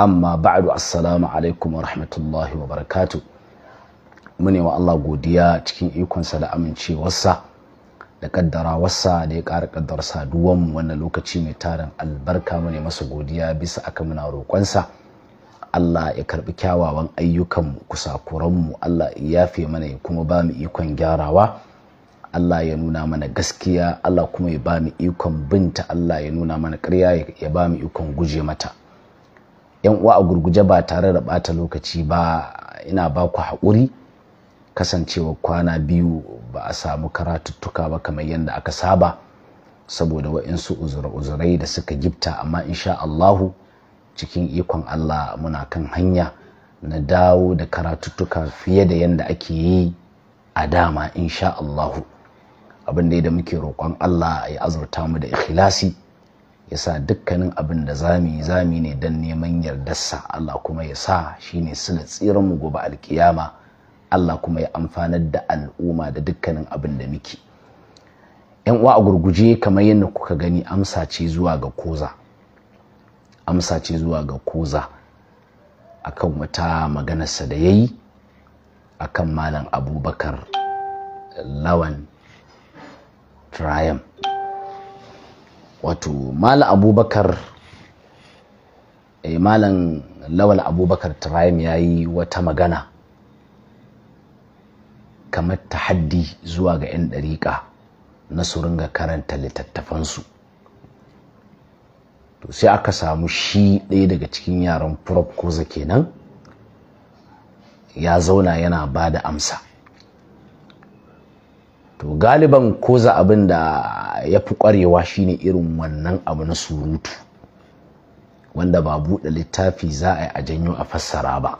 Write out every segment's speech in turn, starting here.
amma baadu assalamu alaikum wa rahmatullahi wa barakatu mune wa Allah godiya cikin ikonsa da amincewarsa da ƙaddarawarsa da ya ƙara kaddar saduwan wannan lokaci mai tarin albarka mune masa godiya bisa aka muna roƙonsa Allah ya karbi kyawawan ayyukanmu kusakuranmu Allah ya yafe mana ya kuma ba mu ikon gyarawa Allah ya nuna mana gaskiya Allah kuma ya ba mu ikon binta Allah ya nuna mana ƙarya ya ba mu ikon guje mata yan uwa a gurguje ba tare da bata lokaci ba ina ba ku haƙuri kasancewa kwana biyu ba a samu karatuttuka ba kamar yadda aka saba saboda wa'insu uzure-uzurai da suka gifta amma insha Allahu cikin ikon Allah muna kan hanya na dawo da karatuttuka fiye da yadda ake yi a dama insha Allahu abin da muke roƙon Allah ya azurta mu da ikhlasi ya sa dukkanin abin da zami zami ne don neman yardarsa Allah kuma ya sa shi ne suna tsiran mu gobe alkiyama Allah kuma ya amfanar da al'umma da dukkanin abin da muke yan uwa a gurguje kamar yadda kuka gani amsa ce zuwa ga koza amsa ce zuwa ga koza akan wata maganarsa da ya yi akan malam abubakar lawan triumph wato mala abubakar eh, malam lawal abubakar Tiraim ya yi wata magana kamar tahaddi zuwa ga 'yan ɗariƙa na su ringa karanta littattafansu to sai aka samu shi ɗaya daga cikin yaran prof koza kenan ya zauna yana ba da amsa to galiban koza abin da ya fi ƙwarewa shine irin wannan abu na surutu wanda ba buɗe littafi za a yi a janyo a fassara ba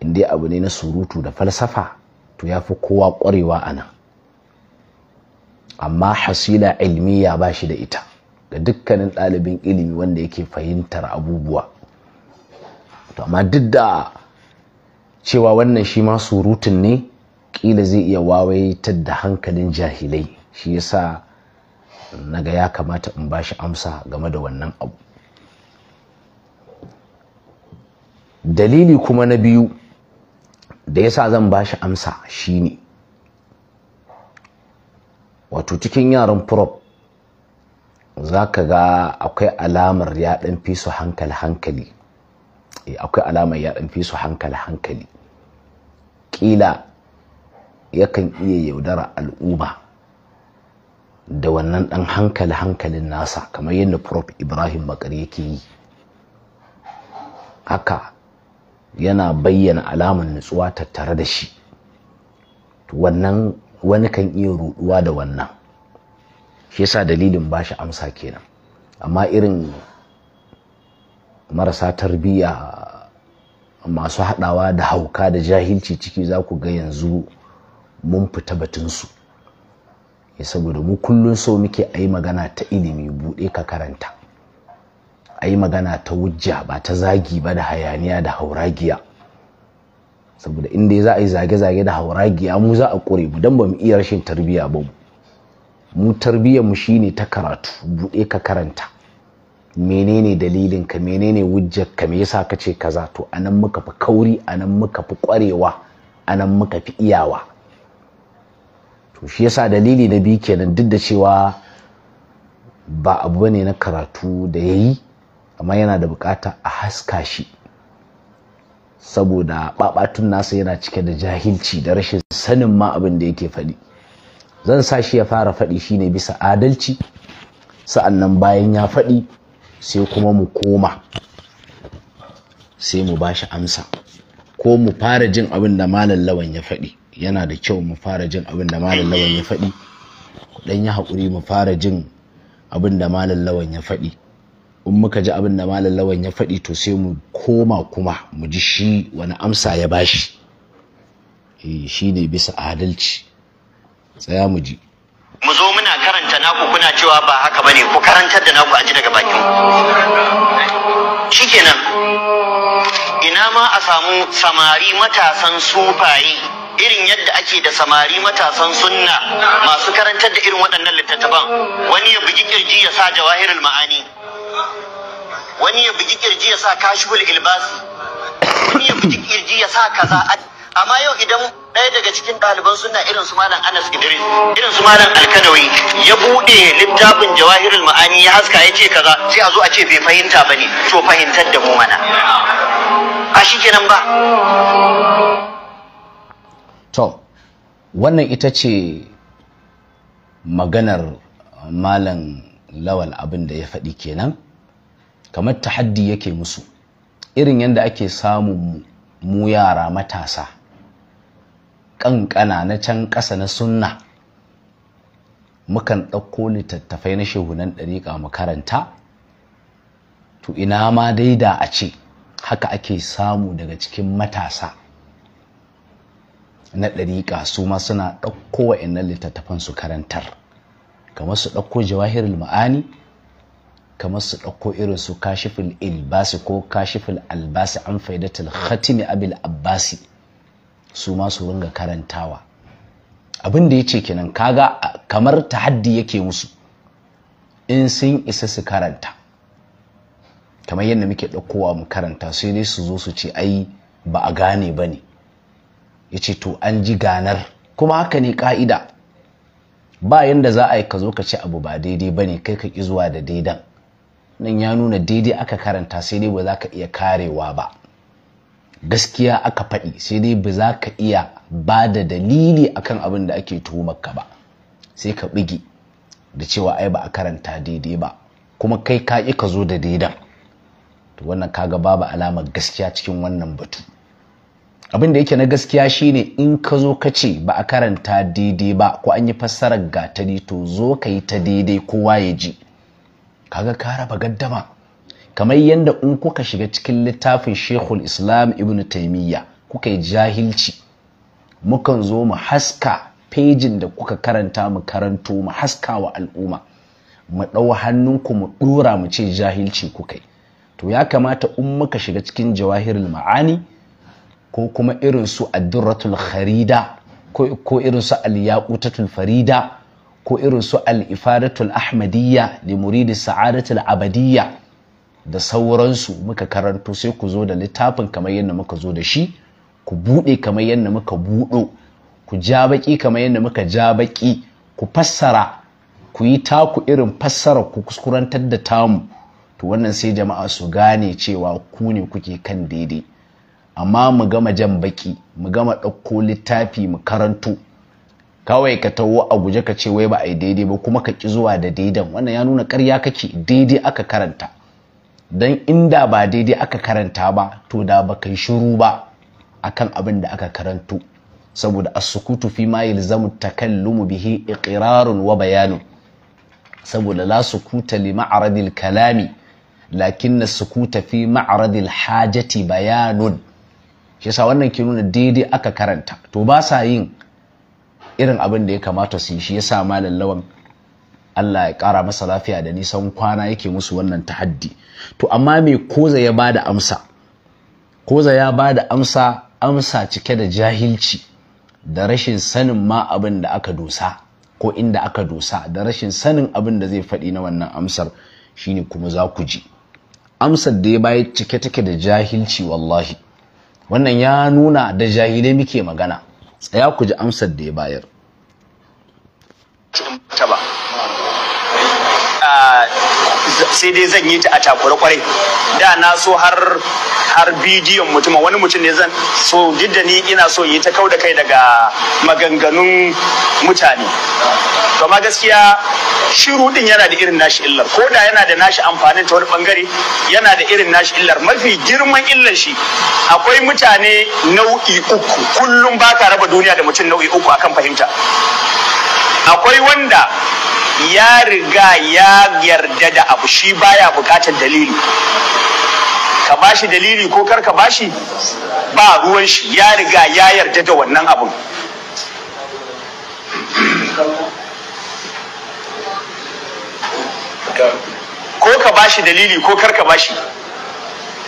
inda dai abu ne na surutu da falsafa to ya fi kowa ƙwarewa a nan amma hasila ilmiya ba shi da ita ga dukkanin ɗalibin ilimi wanda yake fahimtar abubuwa to amma duk da cewa wannan shi ma surutun ne kila zai iya wawaitar da hankalin jahilai shi yasa naga ya kamata in ba shi amsa game da wannan abu dalili kuma na biyu da yasa zan ba shi amsa shine wato cikin yaran prop za ka ga akwai alamar ya ɗan fi su hankali hankali eh, akwai alamar ya ɗan fi su hankali hankali ƙila yakan iya yaudara al'umma da wannan ɗan hankali-hankalin nasa kamar yadda prof ibrahim bakari yake yi haka yana bayyana alamun nutsuwa tattare da shi wannan wani kan iya ruɗuwa da wannan shi yasa dalilin ba shi amsa kenan amma irin marasa tarbiyya masu haɗawa da hauka da jahilci ciki za ku ga yanzu mun fita ya saboda mu kullum so muke a magana ta ilimi buɗe ka karanta a magana ta wujja ba ta zagi ba da hayaniya da hauragiya saboda inda za a yi zage-zage da hauragiya mu za a ƙure mu don ba mu iya rashin tarbiyya ba mu tarbiyyar mu shine ta karatu buɗe ka karanta menene dalilin ka menene wujjar ka me yasa kace kaza to anan muka fi kauri anan muka fi ƙwarewa anan muka fi iyawa to shi yasa dalili na biyu kenan duk da cewa ba abu bane na karatu da ya yi amma yana da bukata a haska shi saboda babatun nasa yana cike da jahilci da rashin sanin ma abin da yake faɗi zan sa shi ya fara faɗi shine bisa adalci sa'annan bayan ya faɗi sai kuma mu koma sai mu ba shi amsa ko mu fara jin abin da malam lawan ya faɗi yana da kyau mu fara jin abin da malam lawan ya faɗi dan ya haƙuri mu fara jin abin da malam lawan ya faɗi in muka ji abin da malam lawan ya faɗi to sai mu koma kuma mu ji shi wani amsa ya bashi eh, shi ne bisa adalci tsaya mu ji mu zo muna karanta naku kuna cewa ba haka bane ku karantar da naku aji daga bakin shikenan ina ma a samu samari matasan sufaye irin yadda ake da samari matasan sunna masu karantar da irin waɗannan littattafan wani ya bugi kirji ya sa jawahirul ma'ani wani ya bugi kirji ya sa kashiful ilbasi wani ya bugi kirji ya sa kaza amma yau idan ɗaya daga cikin ɗaliban suna irin su malam Anas Idris irin su malam Alkanawi ya buɗe littafin Jawahirul Ma'ani ya haska ya ce kaza sai a zo a ce bai fahimta bane to fahimtar da mu mana a shikenan ba wannan ita ce maganar malam lawal abin da ya faɗi kenan kamar ta tahaddi yake musu irin yadda ake samun mu yara matasa ƙanƙana na can ƙasa na sunna mukan ɗauko littattafai na shehunan ɗariƙa mu karanta to ina ma daida a ce haka ake samu daga cikin matasa na ɗariƙa su ma suna ɗauko wa'annan littattafan su karantar kamar su ɗauko jawahirul ma'ani kamar su ɗauko irin su kashifin ilbasi ko kashifin albasi an faidatul khatimi abil abbasi su ma su ringa karantawa abin da ya ce kenan kaga kamar tahaddi yake musu in sun isa su karanta kamar yadda muke ɗaukowa mu karanta sai dai su zo su ce ai ba a gane ba ne ya ce to an ji ganar kuma haka ne ka'ida ba yanda za a yi ka zo ka ce abu ba daidai ba ne kai ka ƙi zuwa da daidan nan ya nuna daidai aka karanta sai dai ba za ka iya karewa ba gaskiya aka faɗi sai dai ba za ka iya ba da dalili a kan abin da ake tuhumarka ba sai ka bigi da cewa ai ba a karanta daidai ba kuma kai ka ƙi ka zo da daidan to wannan kaga babu alamar gaskiya cikin wannan batu abin da yake na gaskiya shine in ka zo ka ce ba a karanta daidai ba ko an yi fassarar gatari to zo ka yi ta daidai kowa ya ji kaga ka raba gaddama kamar yadda in kuka shiga cikin littafin shekul islam ibn taimiyya kuka yi jahilci mukan zo mu haska fejin da kuka karanta mu karanto mu haska wa al'umma mu ɗau hannunku mu ɗora mu ce jahilci kuka yi to ya kamata in muka shiga cikin jawahirul ma'ani ko kuma irin su addurratul kharida ko irin su al-yaqutatul farida ko irin su al-ifadatul ahmadiyya li sa'adatul abadiyya da sauransu muka karanto sai ku zo da littafin kamar yadda muka zo da shi ku buɗe kamar yadda muka buɗo ku ja baƙi kamar yadda muka ja baƙi ku fassara ku yi taku irin fassara ku kuskurantar da tamu to wannan sai jama'a su gane cewa ku ne kuke kan daidai amma mu gama jan baki mu gama ɗauko littafi mu karanto kawai ka taho a guje ka ce wai ba a yi daidai ba kuma ka ki zuwa da daidan wannan ya nuna ƙarya kake daidai aka karanta don inda ba daidai aka karanta ba to da ba kai shiru ba akan abin da aka karanto saboda a sukutu fi ma yalzamu takallumu bihi iqrarun wa bayanun saboda la sukuta li ma'radil kalami lakin na sukuta fi ma'radil hajati bayanun shi yasa wannan ke nuna daidai aka karanta to ba sa yin irin abin da ya kamata su yi shi yasa malam lawan Allah ya kara masa lafiya da nisan kwana yake musu wannan tahaddi to amma me koza ya bada amsa koza ya bada amsa amsa cike da jahilci da rashin sanin ma abin da aka dosa ko inda aka dosa da rashin sanin abin da zai faɗi na wannan amsar shine kuma za ku ji amsar da ya bayar cike take da jahilci wallahi wannan ya nuna da jahilai muke magana tsaya ku ji amsar da ya bayar ah, sai dai zan yi ta a takure kwarai da na so har har bidiyon mutum wani mutum ne zan so didda ni ina so yi ta kau da kai daga maganganun mutane to gaskiya shiru din yana da irin nashi illar ko da yana da nashi amfanin ta wani bangare yana da irin nashi illar mafi girman illar shi akwai mutane nau'i uku kullum baka raba duniya da mutum nau'i uku akan fahimta akwai wanda ya riga ya yarda da abu shi baya bukatar dalili ka bashi dalili ko kar ka bashi ba ruwan shi ya riga ya yarda da wannan abun ko ka bashi dalili ko kar ka bashi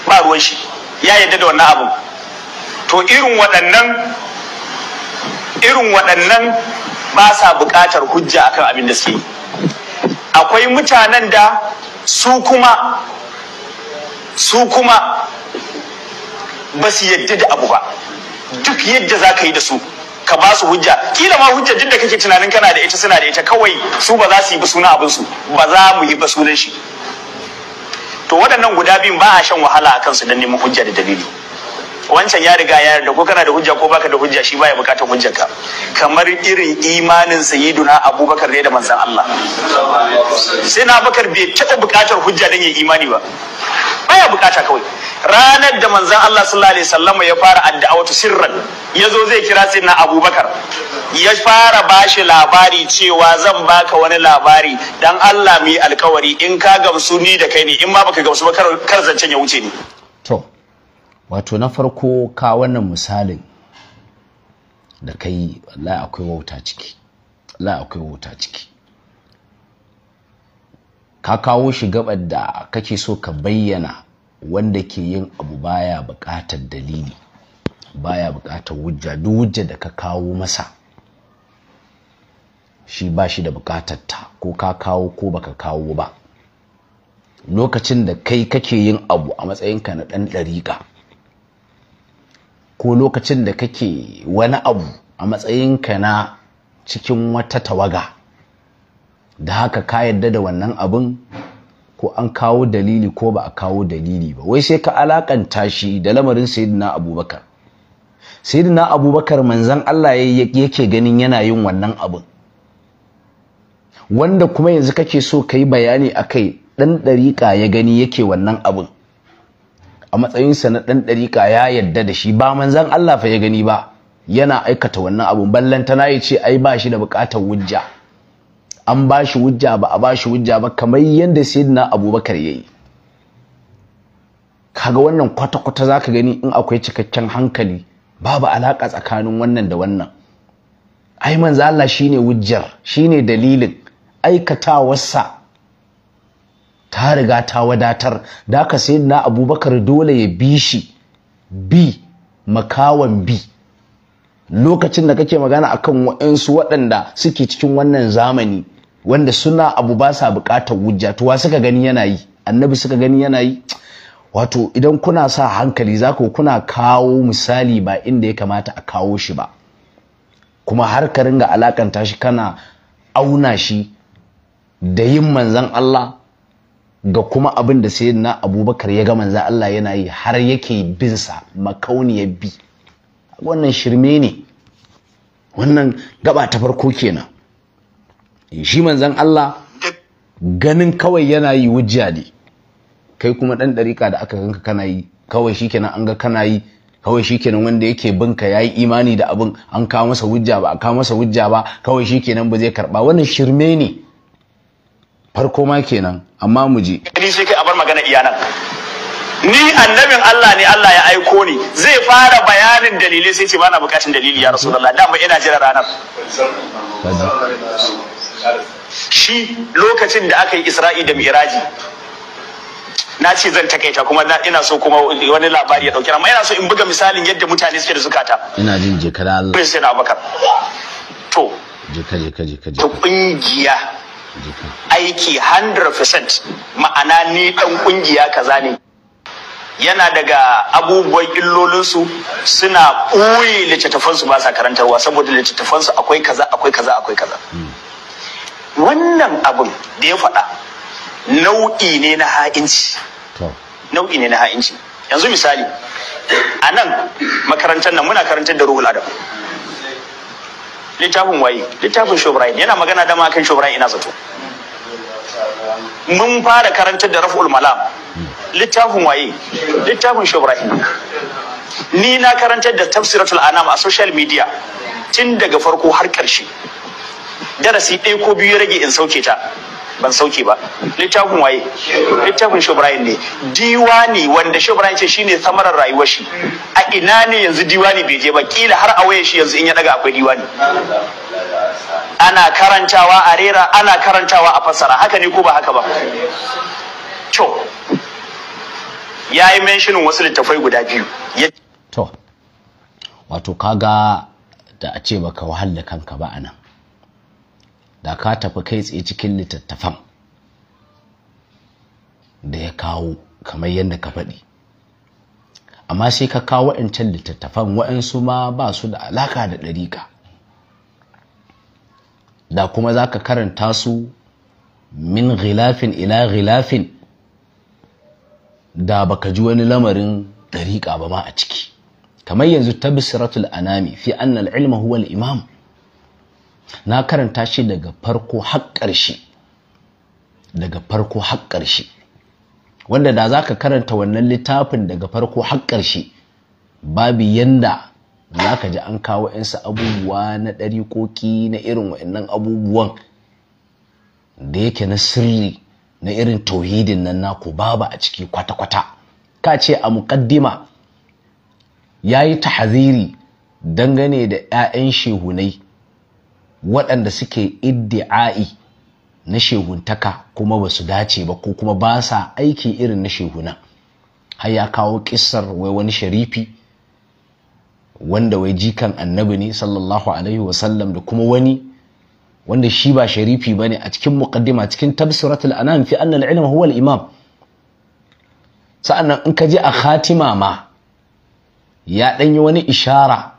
ba ruwan shi ya yarda da wannan abun to irin waɗannan irin waɗannan ba sa buƙatar hujja akan abin da suke akwai mutanen da su kuma su kuma ba su yadda da abu ba duk yadda za ka yi da su ka ba su hujja kila ma hujja duk da kake tunanin kana da ita suna da ita kawai su ba za su yi ba suna abin su ba za mu yi ba sunan shi to waɗannan guda biyun ba a shan wahala a kansu don neman hujja da dalili wancan ya riga ya yarda ko kana da hujja ko baka da hujja shi baya bukatar hujjarka kamar irin imanin sayyiduna abubakar ne da manzon Allah sai na bakar bai taɓa bukatar hujja dan ya imani ba baya bukata kawai ranar da manzon Allah sallallahu alaihi wasallam ya fara addu'a sirran zo zai kira sai na abubakar ya fara bashi labari cewa zan baka wani labari dan Allah mu yi alkawari in ka gamsu ni da kai ne in ma baka gamsu ba kar zancen ya wuce ni wato na farko ka wannan misalin da ka yi wallahi akwai wauta ciki wallahi akwai wauta ciki ka kawo shi gabar da kake so ka bayyana wanda ke yin abu baya buƙatar dalili baya buƙatar wujja duk wujja da ka kawo masa shi ba shi da buƙatar ta ko ka kawo ko baka kawo ba lokacin da kai kake yin abu a matsayinka na ɗan ɗariƙa ko lokacin da kake wani abu a matsayinka na cikin wata tawaga da haka ka yadda da wannan abin ko an kawo dalili ko ba a kawo dalili ba wai sai ka alakanta shi da lamarin sayyidina abubakar sayyidina abubakar manzan allah yake ganin yana yin wannan abin wanda kuma yanzu kake so ka yi bayani a kai ɗan ɗariƙa ya gani yake wannan abin a matsayinsa na ɗan ɗariƙa ya yadda da shi ba manzan Allah fa ya gani ba yana aikata wannan abun tana ya ce ai ba shi da buƙatar wujja an ba shi wujja ba a ba shi wujja ba kamar yadda sayyidina abubakar ya yi kaga wannan kwata-kwata za ka gani in akwai cikakken hankali babu alaƙa tsakanin wannan da wannan ai manzan Allah shine wujjar shine dalilin aikatawarsa ta riga ta wadatar da ka sai na abubakar dole ya bi shi bi makawan bi lokacin da kake magana akan waɗansu waɗanda suke cikin wannan zamani wanda suna abu ba sa buƙatar wujja tuwa suka gani yana yi annabi suka gani yana yi wato idan kuna sa hankali za ku kuna kawo misali ba inda ya kamata a kawo shi ba kuma har ka ringa alakanta shi kana auna shi da yin manzan Allah ga kuma abin da sai na abubakar ya ga manzan Allah yana yi har yake binsa makauniyar bi wannan shirme ne wannan gaba ta farko kenan shi manzan Allah ganin kawai yana yi wujja ne kai kuma ɗan ɗarika da aka ganka kana yi kawai shikenan an ga kana yi kawai shikenan wanda yake binka yayi imani da abin an kawo masa wujja ba a kawo masa wujja ba kawai shikenan ba zai karba wannan shirme ne farko ma kenan amma mu ji ni sai kai a bar magana iya ni annabin Allah ne Allah ya aiko ni zai fara bayanin dalilai sai ce bana bukatun dalili ya rasulullah dama ina jira ranar shi lokacin da aka yi Isra'i da Miraji na ce zan takaita kuma ina so kuma wani labari ya dauki amma ina so in buga misalin yadda mutane suke da zukata ina jin jikar Allah sai na Abubakar to jika jika jika ta kungiya aiki 100% ma'ana ni dan kungiya kaza ne yana daga abubuwan illolinsu suna ɓoye littattafansu ba sa karantarwa saboda littattafansu akwai kaza akwai kaza akwai kaza wannan abin da ya faɗa nau'i ne na ha'inci nau'i ne na ha'inci yanzu misali a nan makarantar nan muna karantar da ruhul adam littafin waye littafin shobrain yana magana dama kan shobrain ina zato mun fara karantar da raf'ul malam littafin waye littafin shobrain ni na karantar da tafsiratul anam a social media tun daga farko har ƙarshe darasi ɗaya ko biyu rage in sauke ta ban sauke ba littafin waye littafin shobrain ne diwani wanda shobrain ce shine samarar rayuwar shi a ina ne yanzu diwani bai je ba kila har a waye shi yanzu in ya daga akwai diwani ana karantawa a rera ana karantawa a fassara haka ne ko ba haka ba to ya yi wasu littafai guda biyu to wato kaga da a ce baka wahala kanka ba anan da ka tafi kai tsaye cikin littattafan da ya kawo kamar yadda ka faɗi amma sai ka kawo waɗancan littattafan waɗansu ma ba su da alaka da ɗariƙa da kuma za ka karanta su min ghilafin ila ghilafin da baka ji wani lamarin ɗariƙa ba ma a ciki kamar yanzu ta bisiratul anami fi annal ilma huwa imam na karanta shi daga farko har ƙarshe daga farko har ƙarshe wanda da za ka karanta wannan littafin daga farko har ƙarshe babu yanda za ka ji an kawo 'yansu abubuwa na koki na irin wa'annan abubuwan da yake na sirri na irin tauhidin nan naku babu a ciki kwata-kwata ka ce a muƙaddima ya yi tahaziri dangane da 'ya'yan shehunai waɗanda suke iddi'a'i na shehuntaka kuma ba su dace ba ko kuma ba sa aiki irin na shehuna har ya kawo ƙisar wai wani sharifi wanda wai jikan annabi ne sallallahu alaihi wasallam da kuma wani wanda shi ba sharifi ba ne a cikin muqaddima cikin tafsiratul anam fi al ilm huwa al-imam sa'annan in ka je a khatima ma ya ɗanyi wani ishara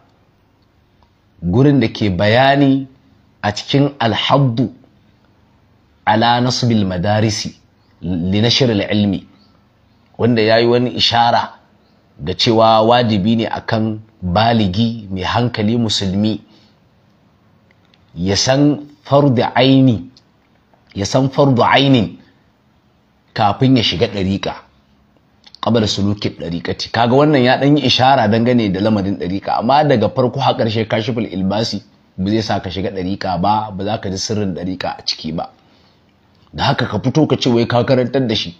gurin da ke bayani a cikin alhaddu ala nasbil madarisi li nashr ilmi wanda yayi wani ishara da cewa wajibi ne akan baligi mai hankali musulmi ya san fardu aini ya san fardu ainin kafin ya shiga ɗariƙa ƙabar sulukin dariƙati kaga wannan ya ɗan yi ishara dangane da lamarin ɗarika. amma daga farko har ƙarshe kashiful ilbasi ba zai sa ka shiga ɗariƙa ba ba za ka ji sirrin ɗariƙa a ciki ba da haka ka fito ka ce wai ka karantar da shi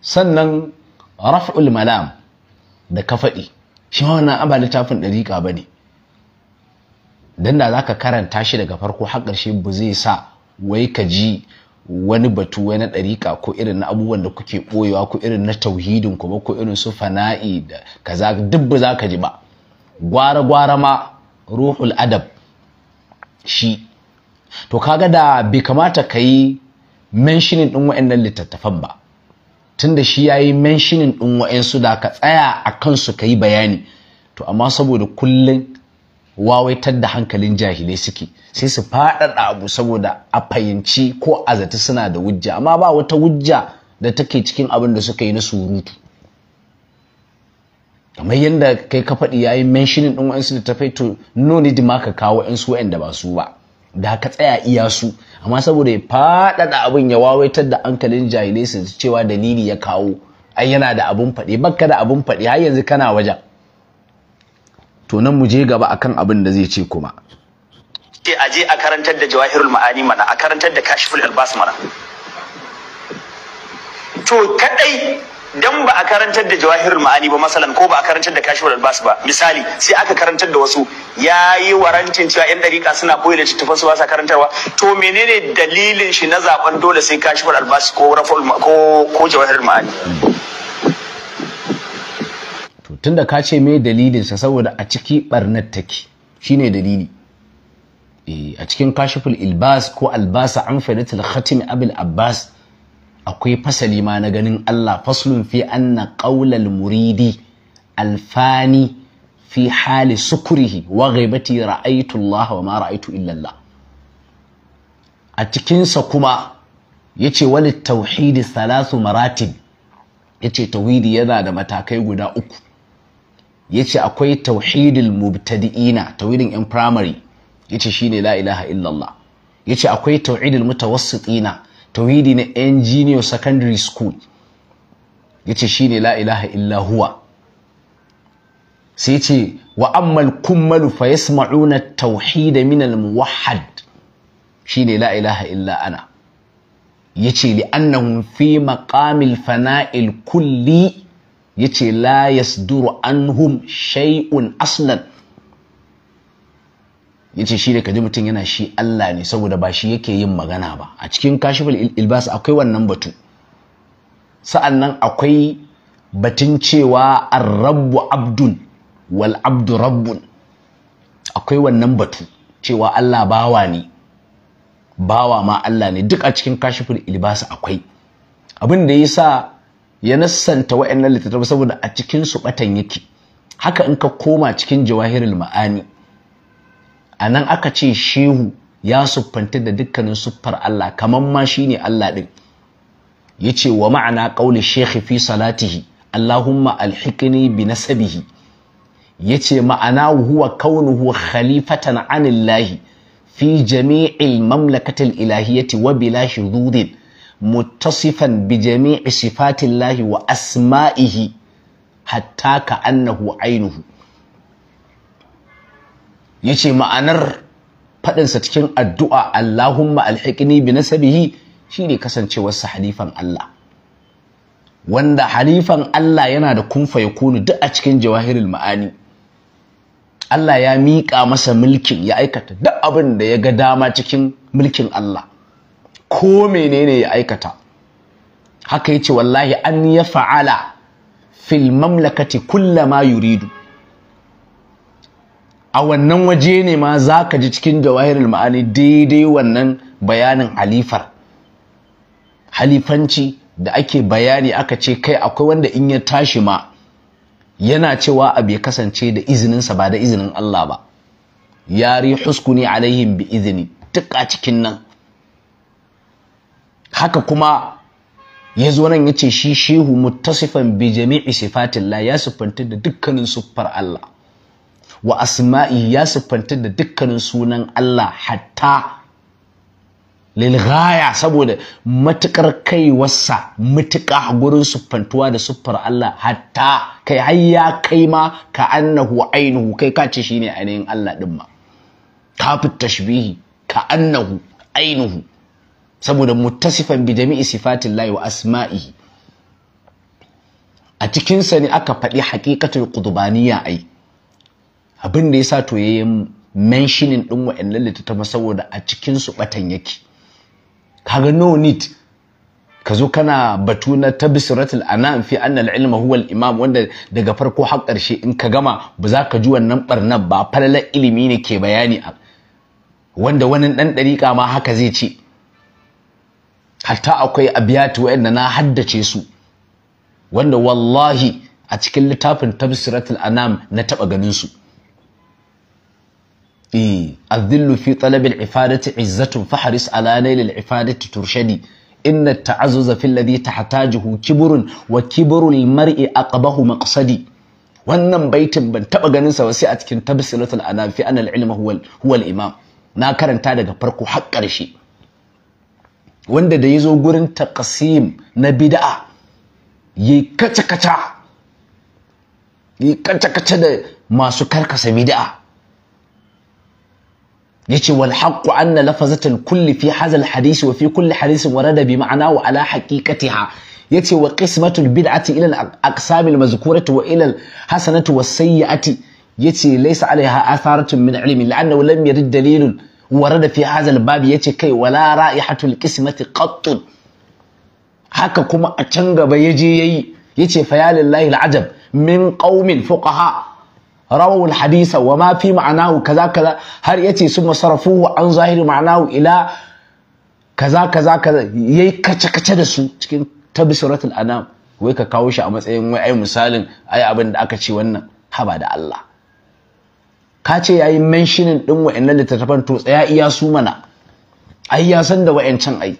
sannan raf'ul malam da ka faɗi shi ma wannan aba littafin ɗariƙa ba ne dan da ka karanta shi daga farko har ƙarshe ba zai sa wai ka ji wani batu wai na ɗariƙa ko irin na abubuwan da kuke ɓoyewa ko irin na tauhidin ku ba ko irin su fana'i da kaza duk ba za ka ji ba gwara gwara ma ruhul adab shi to kaga da bai kamata ka yi menshinin ɗin wa'annan littattafan ba tunda shi ya yi menshinin ɗin wa'ansu da ka tsaya a kansu ka yi bayani to amma saboda kullum wawaitar da hankalin jahilai suke sai su faɗaɗa abu saboda a fahimci ko a suna da wujja amma ba wata wujja da take cikin abin da suka yi na surutu kamar yadda kai ka faɗi yi menshinin ɗin wa'ansu littattafai to no need ma ka kawo su wa'anda ba su ba da ka tsaya iya su amma saboda ya faɗaɗa abin ya wawaitar da hankalin jahilai su cewa dalili ya kawo ai yana da abun faɗi bakka da abun faɗi har yanzu kana wajen to nan mu je gaba akan abin da zai ce kuma ce a je a karantar da jawahirul ma'ani mana a karantar da kashiful albas mana to kaɗai. dan ba a karantar da jawahirul ma'ani ba masalan ko ba a karantar da kashiwar albas ba misali sai aka karantar da wasu yayi warantin cewa yan dariƙa suna koyi da littattafan su ba sa karantarwa to menene dalilin shi na zaben dole sai kashiwar albas ko raful ko ko jawahirul ma'ani to tunda ka ce me dalilin sa saboda a ciki barnar take shine dalili eh, a cikin kashiful ilbas ko albasa an faidatul khatim abul abbas akwai fasali ma na ganin Allah faslun fi anna qaulal muridi alfani fi hali sukurihi wa ghaibati ra'aytu Allah wa ma ra'aytu illa a cikinsa kuma yace wal tauhid thalathu maratib yace tauhidi yana da matakai guda uku yace akwai tauhidul mubtadi'ina tauhidin yan primary yace shine la ilaha Illallah, Allah yace akwai tauhidul mutawassitina tauhidi na engineer secondary school yace shine la ilaha illa huwa sai ce, wa ammal kummalu fa yasma'una tauhida tawhida minal muwahhad shi la ilaha illa ana yace li annahum fi maqamil fana'il kulli Ya yace la an anhum Shai'un aslan yace shi da kaji mutum yana shi Allah ne saboda ba shi yake yin magana ba a cikin kashiful ilbas akwai wannan batu sa'annan akwai batun cewa ar-rabbu abdun wal abdu rabbun akwai wannan batu cewa Allah bawa ne bawa ma Allah ne duk a cikin kashiful ilbas akwai abin da yasa ya nassanta wa'annan littattafai saboda a cikin su batan yake haka in ka koma cikin jawahirul ma'ani a nan aka ce shehu ya siffanta da dukkanin siffar Allah kamar ma shi ne Allah ɗin ya ce wa ma'ana ƙauli shekhi fi salatihi Allahumma alhikini bi nasabihi ya ce ma'ana huwa kaunuhu khalifatan anillahi fi jami'il mamlakatil Ilahiyati wa bila shududin muttasifan bi jami'i sifatillahi wa asma'ihi hatta ka annahu ainihu yace ma'anar faɗinsa cikin addu'a Allahumma alhiqni bi nasabihi shine kasancewarsa halifan Allah wanda halifan Allah yana da kunfa ya kunu duk a cikin jawahirul ma'ani Allah ya miƙa masa mulkin ya aikata duk abin da ya ga dama cikin mulkin Allah ko menene ya aikata haka yace wallahi an ya fa'ala fil mamlakati kullama yuridu a wannan waje ne ma za ka ji cikin jawahirul ma'ani daidai wannan bayanin halifar halifanci da ake bayani aka ce kai akwai wanda in ya tashi ma yana cewa a ya kasance da izininsa ba da izinin Allah ba yari huskuni alaihim bi izini tuka cikin nan haka kuma ya zo nan ya ce shi shehu muttasifan bi jami'i sifatillah ya siffantar da dukkanin siffar Allah wa asma'i ya siffanta da dukkanin sunan Allah hatta lilghaya saboda matukar kaiwarsa matuƙa gurin siffantuwa da siffar Allah hatta kai har ya kai ma ka annahu ainihu kai ka ce shine ainihin Allah din ma ka fi tashbihi ka annahu ainihu saboda muttasifan bi jami'i sifatillahi wa asma'ihi a cikinsa ne aka faɗi haƙiƙatul qudbaniyya ai abin da ya sa to yayi mentioning din wa'annan littattafan saboda a cikin su batan yake kaga no need ka zo kana batu na tabsiratul anam fi anna al-ilma huwa al-imam wanda daga farko har karshe in ka gama ba za ka ji wannan barnan ba falala ilimi ne ke bayani wanda wani dan dariƙa ma haka zai ce hatta akwai abiyatu wa'anda na haddace su wanda wallahi a cikin littafin tabsiratul anam na taba ganin su الذل في طلب العفادة عزة فحرص على نيل العفادة ترشدي إن التعزز في الذي تحتاجه كبر وكبر المرء أقبه مقصدي wannan baitin ban taba ganin sa sai a cikin tafsilatul anam fi al-ilm huwa al-imam na karanta daga farko har ƙarshe wanda da yazo gurin taqsim na bid'a yi kaca kaca yi kaca kaca da masu karkasa bid'a yace wal haqqu anna lafazatul kulli fi hadha al hadith wa fi kulli hadith warada bi ma'ana wa ala haqiqatiha yace wa qismatul bid'ati ila al aqsam mazkurati wa ila al hasanati was sayyi'ati yace laysa alaiha atharatun min ilmi la'annahu lam yarid dalilun warada fi hadha babu bab yace kai wala ra'ihatul qismati qatt haka kuma a can gaba yaje yayi yace fa ya lillahi al ajab min qaumin fuqaha rawawul hadisa wa ma fi ma'anahu kaza kaza har yace sun masarafuhu an zahiri ma'anahu ila kaza kaza kaza kace kace da su cikin tabsiratul anam wai ka kawo shi a matsayin wai ai misalin ai abin da aka ce wannan haba da Allah ka ce yayi mentioning din wa'annan littattafan to tsaya iya su mana ai ya san da wa'yancan ai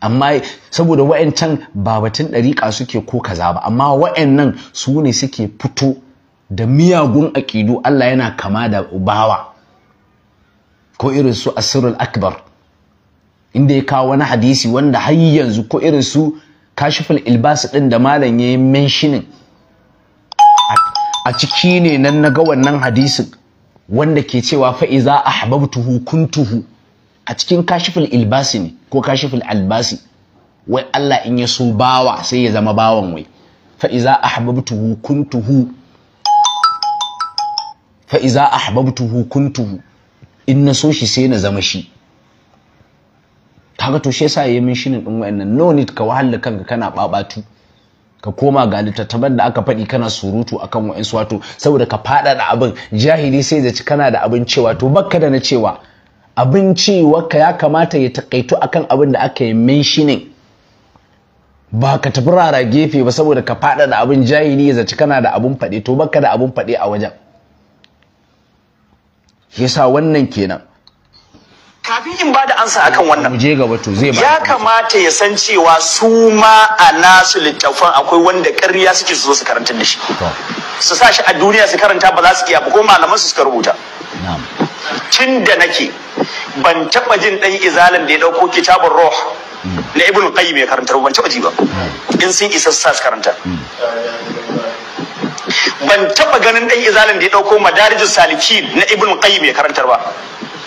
amma saboda wa'yancan ba batun ɗariƙa suke ko kaza ba amma wa'annan su ne suke fito da miyagun aƙidu Allah yana kama da bawa ko irin su asirul akbar inda ya kawo wani hadisi wanda har yanzu ko irin su kashifin ilbas ɗin da malam ya yi menshinin a ciki ne nan na ga wannan hadisin wanda ke cewa fa'iza ahbabtuhu kuntuhu a cikin kashifin ilbasi ne ko kashiful albasi wai Allah in ya so bawa sai ya zama bawan wai fa'iza ahbabtuhu kuntuhu fa iza ahbabtuhu kuntuhu in na so shi sai na zama shi kaga to shi yasa yayi min shinin din wayannan no need ka wahala kanka kana babatu ka koma ga littattafan da aka faɗi kana surutu akan wayansu wato saboda ka da abin jahili sai da kana da abin cewa to bakka da na cewa abin cewa ya kamata ya takaito akan abin da aka yi menshinin ba ka tafi rara gefe ba saboda ka da abin jahili ya zaci kana da abin faɗe to bakka da abin faɗe a wajen yasa wannan kenan kafin in bada da ansa akan wannan je gaba to zai ba ya kamata ya san cewa su ma a nasu littafan akwai wanda ƙarya suke su zo su karanta da shi su sa shi a duniya su karanta ba za su iya ba ko malaman su suka rubuta tun da nake ban taɓa jin ɗan izalin da ya ɗauko kitabun roh mm. na ibn qayyim ya karanta ban taɓa ji ba in sun isa su sa su karanta mm. ban taba ganin dan izalin da ya dauko madarijus salikin na ibn qayyim ya karantar ba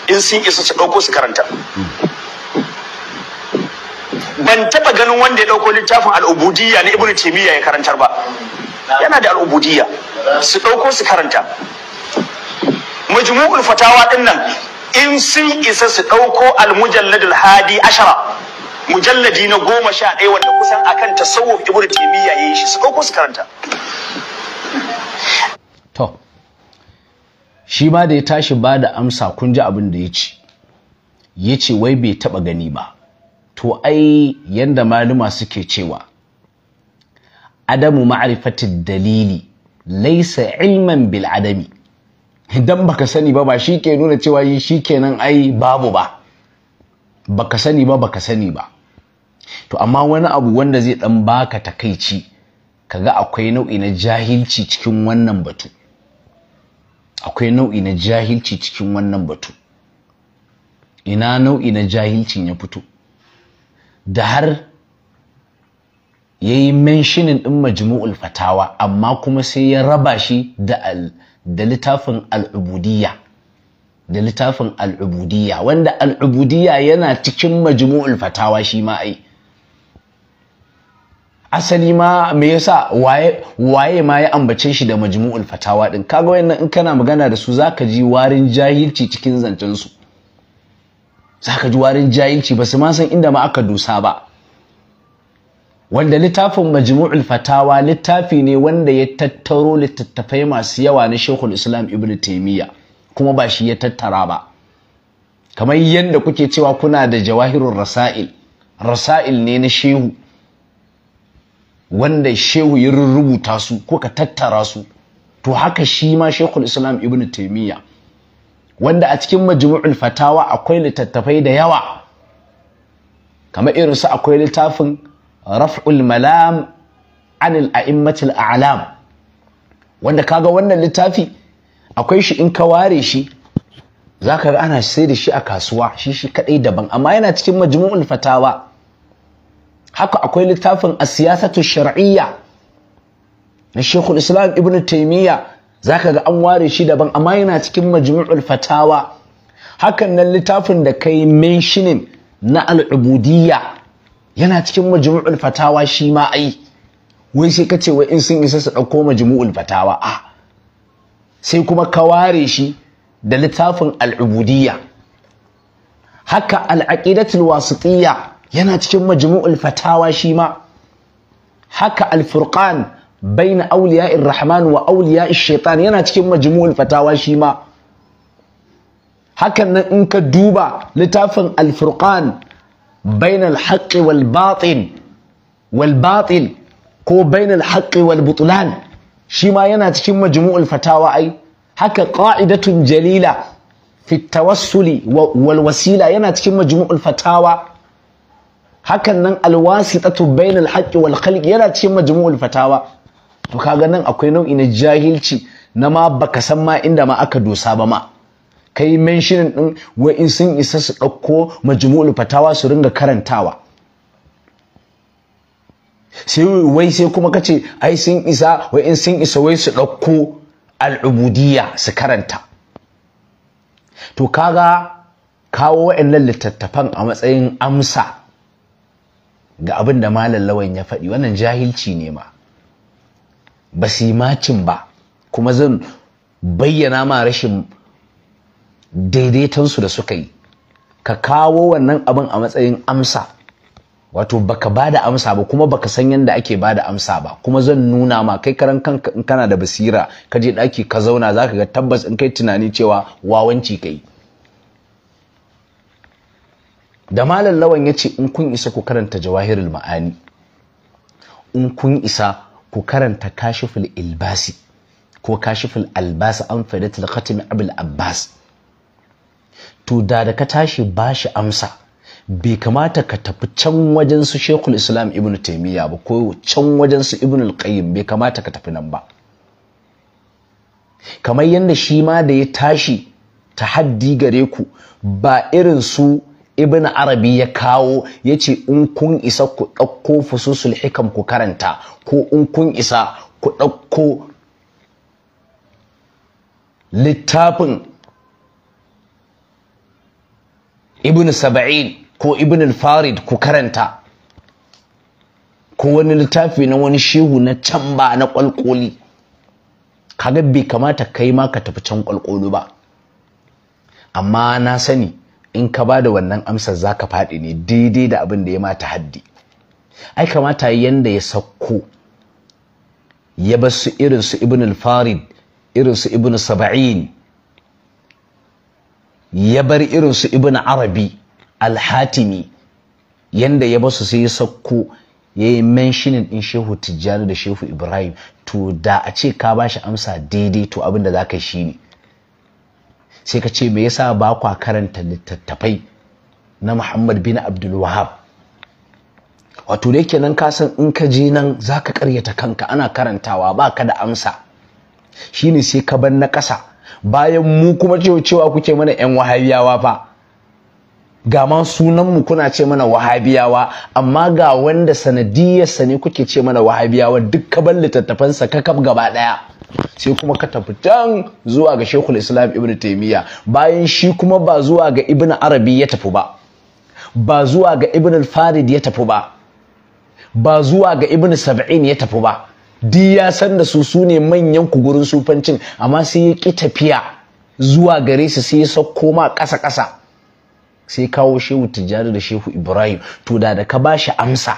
in sun isa su dauko su karanta ban taba ganin wanda ya dauko littafin al'ubudiyya na ibn taymiya ya karantar ba yana da al'ubudiyya su dauko su karanta majmu'ul fatawa din nan in sun isa su dauko al-mujalladul hadi ashara mujalladi na goma sha ɗaya wanda kusan akan tasawuf ibn taymiya ya yi shi su dauko su karanta to shi ma da ya tashi ba da amsa kun ji abin da ya ce ya ce wai bai taɓa gani ba to ai yanda maluma suke cewa adamu ma'rifatid dalili laisa ilman bil adami idan baka sani ba ba shi ke nuna cewa shi kenan ai babu ba baka sani ba baka sani ba to amma wani abu wanda zai dan baka takaici kaga akwai nau'i na jahilci cikin wannan batu akwai nau'i na jahilci cikin wannan batu ina nau'i na jahilcin ya fito da har ya yi menshinin ɗin majmu'ul fatawa amma kuma sai ya raba shi da littafin al'ubudiyya da littafin al'ubudiyya wanda al'ubudiyya yana cikin majmu'ul fatawa shi ma ai asali ma me yasa waye waye ma ya ambace shi da majmu'ul fatawa din kaga wayannan in kana magana da su zaka ji warin jahilci cikin zancen su zaka ji warin jahilci ba su ma san inda ma aka dusa ba wanda littafin majmu'ul fatawa littafi ne wanda ya tattaro littattafai masu yawa na Sheikhul Islam Ibn Taymiyyah kuma ba shi ya tattara ba kamar yadda kuke cewa kuna da jawahirul rasail rasail ne na shehu wanda shehu ya rubuta su ko ka tattara su to haka shi ma shekul islam ibn taimiyya wanda a cikin majmu'ul fatawa akwai littattafai da yawa kamar irin su akwai littafin raf'ul malam anil a'immatil a'lam wanda kaga wannan littafi akwai shi in ka ware shi zaka ga ana sai da shi a kasuwa shi shi kadai daban amma yana cikin majmu'ul fatawa haka akwai littafin asiyasatu shar'iyya na shekul islam ibn taimiyya zaka ga an ware shi daban amma yana cikin majmu'ul fatawa hakan nan littafin da kai menshinin na al'ubudiyya yana cikin majmu'ul fatawa shi ma ai wai sai ka ce wai in sun isa su ɗauko majmu'ul fatawa a sai kuma ka ware shi da littafin al'ubudiyya haka al'aqidatul wasitiyya yana cikin majmu'ul fatawa shi ma haka al-furqan baina awliya'ir rahman wa awliya'ish shaitan yana cikin majmu'ul fatawa shi ma hakan nan in ka duba littafin al-furqan baina al-haqq wal batil wal batil ko baina al-haqq wal butlan shi ma yana cikin majmu'ul fatawa ai haka qa'idatun jalila fi tawassuli wal wasila yana cikin majmu'ul fatawa hakan nan alwasitatu bainal haqqi wal khalq yana cikin majmu'ul fatawa to kaga nan akwai nau'i na jahilci na ma baka san ma inda ma aka dosa ba ma kai mentionin din in sun isa su dauko majmu'ul fatawa su ringa karantawa sai wai sai kuma kace ai sun isa in sun isa wai su ɗauko al'ubudiyya su karanta to kaga kawo wa'annan littattafan a matsayin amsa ga abin da malam lawan ya faɗi wannan jahilci ne ma ba su yi macin ba kuma zan bayyana ma rashin daidaitonsu da suka yi ka kawo wannan abin a matsayin amsa wato baka ba da amsa ba kuma baka san yadda ake ba da amsa ba kuma zan nuna ma kai karan kanka in kana da basira ka je ɗaki ka zauna za ka ga tabbas in kai tunani cewa wawanci kai da malam lawan ya ce in kun isa ku karanta jawahirul ma'ani in kun isa ku karanta kashiful ilbasi ko kashiful albasi an da khatim abul abbas to da da ka tashi ba shi amsa bai kamata ka tafi can wajen su shekul islam ibn taimiyya ba ko can wajen su ibn alqayyim bai kamata ka tafi nan ba kamar yadda shi ma da ya tashi ta haddi gare ku ba irin su ibn arabi ya kawo ya ce in kun isa ku ɗauko fususul hikam ku karanta ko in kun isa ku ɗauko littafin ibn saba'in ko ibn farid ku karanta ko wani littafi na wani shehu na can ba na ƙwalƙoli kaga bai kamata kai ma ka tafi can kwalkoli ba amma na sani in ka ba da wannan amsar za ka faɗi ne daidai da abin da ya mata haddi ai kamata yanda ya sakko ya bar su irin su ibn farid irin su ibn saba'in ya bar irin su ibn arabi al-hatimi yanda ya basu sai ya sauko ya yi menshinin ɗin shehu tijjani da shehu ibrahim to da a ce ka ba shi amsa daidai to abin da za ka shi ne sai ka ce me yasa ba kwa karanta littattafai na Muhammad bin Abdul Wahab wato dai kenan ka san in ka je nan zaka karyata kanka ana karantawa ba ka da amsa shine sai ka bar na ƙasa bayan mu kuma cewa kuke mana 'yan wahabiyawa fa ga ma sunanmu kuna ce mana wahabiyawa amma ga wanda sanadiyarsa ne kuke ce mana wahabiyawa duk ka bar littattafansa kaf gaba ɗaya sai kuma ka tafi can zuwa ga shekul islam ibn taimiyya bayan shi kuma ba zuwa ga ibn arabi ya tafi ba ba zuwa ga ibn farid ya tafi ba ba zuwa ga ibn sab'in ya tafi ba duk ya san da su su ne manyan kugurin sufancin amma sai ya ki tafiya zuwa gare su sai ya sauko ma ƙasa ƙasa sai kawo shehu tijjani da shehu ibrahim to da da ka ba shi amsa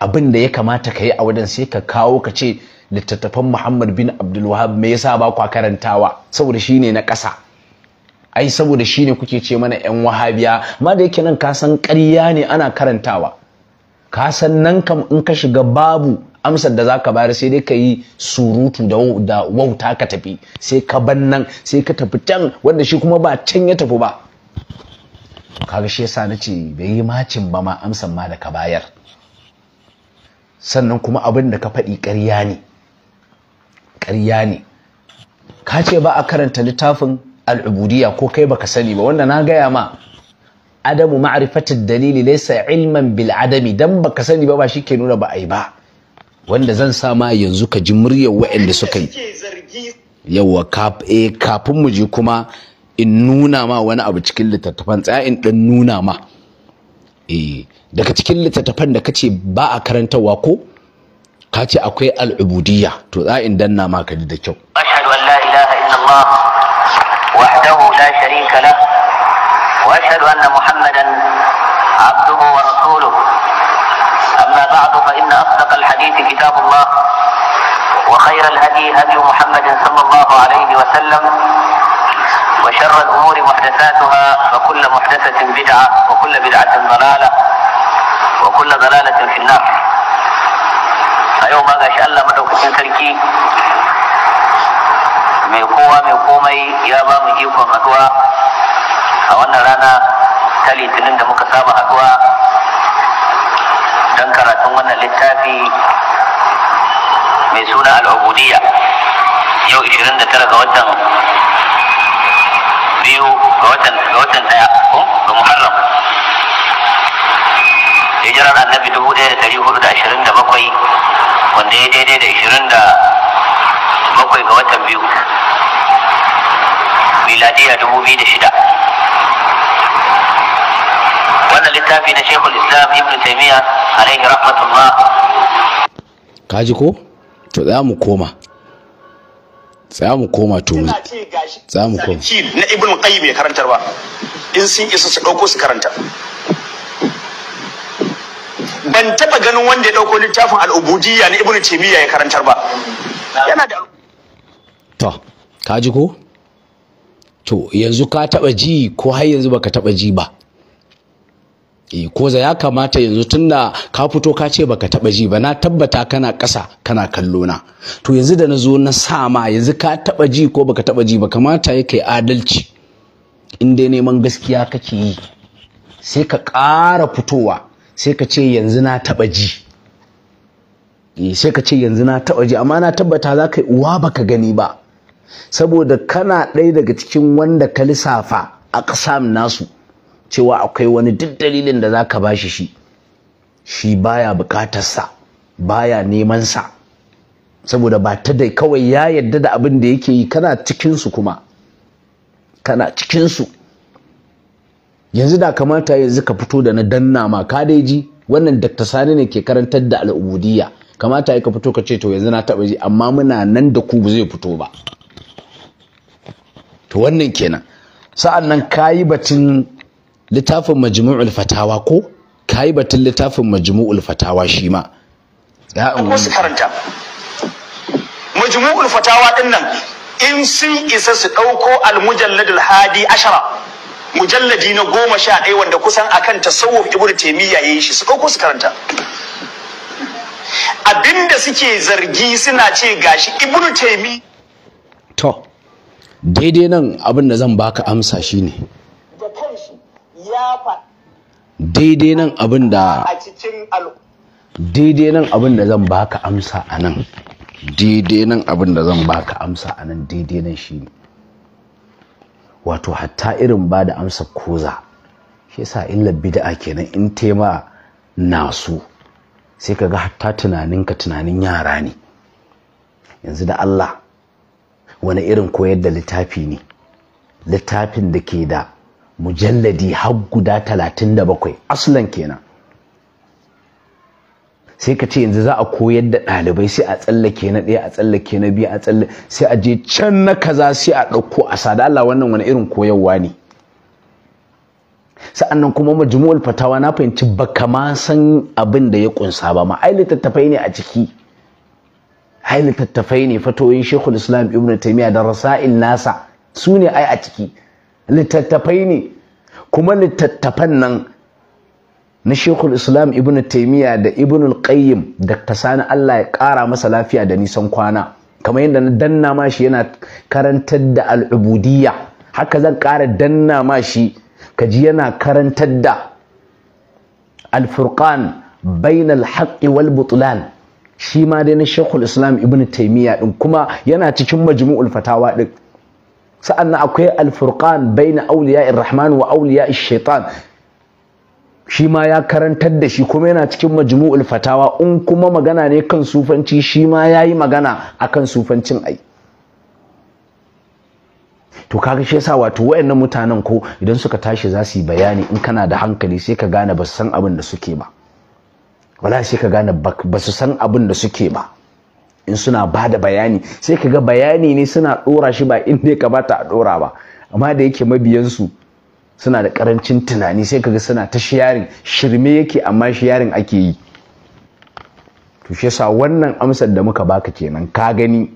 abinda ya kamata ka yi a wajen sai ka kawo ka ce littattafan Muhammad bin Abdul Wahab me yasa ba kwa karantawa saboda shine na ƙasa ai saboda shine kuke ce mana ƴan wahabiya ma da yake nan ka san ƙarya ne ana karantawa ka san nan kam in ka shiga babu amsar da za ka bayar sai dai ka yi surutu da da wauta ka tafi sai ka ban nan sai ka tafi can wanda shi kuma ba can ya tafi ba kaga shi yasa nace bai yi macin ba ma amsan ma da ka bayar sannan kuma abin da ka faɗi ƙarya ne ƙarya ne ka ce ba a karanta littafin al'ubudiyya ko kai baka sani ba wanda na gaya ma adamu ma'rifatid dalili laysa ilman bil adami dan baka sani ba ba ke nuna ba ai ba wanda zan sa ma yanzu ka ji muryar waɗanda suka yi yawa eh, kafin mu je kuma in nuna ma wani abu cikin littattafan tsaya in dan nuna ma eh, daga cikin littattafan da kace ba a karantawa ko ka ce akwai al'ubudiyya to za in danna ma ka ji da kyau ashhadu an la ilaha illallah wahdahu la sharika lah wa ashhadu anna muhammadan abduhu wa rasuluh amma ba'du fa inna asdaq al-hadith kitab Allah wa khayra al-hadi hadi muhammadin sallallahu alayhi wa sallam Wa وشر الأمور محدثاتها وكل محدثة بدعة وكل بدعة ضلالة وكل ضلالة في النار a yau ma gashi Allah madaukakin sarki mai kowa mai komai ya ba mu ikon haduwa a wannan rana ta litinin da muka saba haduwa don karatun wannan littafi mai suna al'ubudiyya yau 29 ga watan biyu ga watan daya ga muharram hijirar annabi dubu ɗaya da ɗari hudu da ashirin da bakwai wanda ya daidai da ashirin da bakwai ga watan biyu miladiya dubu biyu da shida wannan littafi na shekul islam ibn taimiyya alaihi rahmatullah kaji ko to za mu koma za mu koma to mu za mu koma na ibn qayyim ya karantar ba in sun isa su dauko su karanta ban taba ganin wanda ya dauko littafin al'ubudiyya na ibnu taymiya ya karantar ba yana da to ka ji ko to yanzu ka taba ji ko har yanzu baka taba ji ba e ko za ya kamata yanzu tunda ka fito ka ce baka taba ji ba na tabbata kana ƙasa kana kallo na to yanzu da na zo na sa ma yanzu ka taba ji ko baka taba ji ba kamata ya kai adalci in dai neman gaskiya kake yi sai ka ƙara fitowa sai ka ce yanzu na taɓa ji eh, sai ka ce yanzu na taɓa ji amma na tabbata za ka yi uwa baka gani ba saboda kana ɗaya daga cikin wanda ka lissafa a ƙasam nasu cewa akwai wani duk dalilin da za ka ba shi shi shi baya buƙatarsa baya sa. saboda ba ta dai kawai ya yarda da abin da yake yi kana cikinsu kuma kana cikinsu yanzu da kamata yanzu ka fito da na danna ma ka dai ji wannan Dr. Sani ne ke karantar da al'ubudiyya kamata ya ka fito ka ce to yanzu na taɓa ji amma muna nan da ku zai fito ba to wannan kenan sa'an nan kayi batun littafin majmu'ul fatawa ko kayi batun littafin majmu'ul fatawa shi ma ya wasu karanta majmu'ul fatawa din nan in sun isa su ɗauko mujalladul hadi ashara mujalladi na goma sha ɗaya wanda kusan a kan tasawuf ibnu ya yi shi su ɗauko su karanta abinda suke zargi suna ce gashi ibnu taymi to daidai nan abin da zan baka amsa shine daidai nan abin da daidai nan abin da zan baka amsa a nan daidai nan abin da zan baka amsa a nan daidai nan shine wato hatta irin ba da amsa koza shi yasa illar bid'a kenan in tema nasu sai ka ga hatta tunaninka tunanin yara ne yanzu da Allah wani irin koyar da littafi ne littafin da ke da mujalladi har guda 37 aslan kenan sai ka ce yanzu za a koyar da ɗalibai sai a tsallake na ɗaya a tsallake na biyu a tsallake sai a je can na kaza sai a ɗauko a sada Allah wannan wani irin koyarwa ne sa'annan kuma majmu'ul fatawa na fahimci baka ma san abin da ya kunsa ba ma ai littattafai ne a ciki ai littattafai ne fatoyin shekul Islam Ibn taimiyya da Rasail nasa su ne ai a ciki littattafai ne kuma littattafan nan na shekul islam ibn taimiyya da ibn al-qayyim da sani allah ya ƙara masa lafiya da nisan kwana kamar yadda na danna ma shi yana karantar da al'ubudiyya haka zan kara danna ma shi kaji yana karantar da alfurqan furqan bain al wal butlan shi ma dai na shekul islam ibn taimiyya din kuma yana cikin majmu'ul fatawa din sa'annan akwai alfurqan furqan bain awliya'ir rahman wa awliya'ish shaitan shi ma ya karantar da shi kuma yana cikin majmu'ul fatawa in kuma magana ne kan sufanci shi ma ya yi magana a kan sufancin ai to kaga shi yasa wato wayannan mutanen ko idan suka tashi za su yi bayani in kana da hankali sai ka gane ba su san abin da suke ba wala sai ka gane ba su san abin da suke ba in suna ba da bayani sai ka ga bayani ne suna dora shi ba inda ya kamata a dora ba amma da yake mabiyansu suna da karancin tunani sai kaga suna ta shiyarin shirme yake amma shiyarin ake yi to shi yasa wannan amsar da muka baka kenan ka gani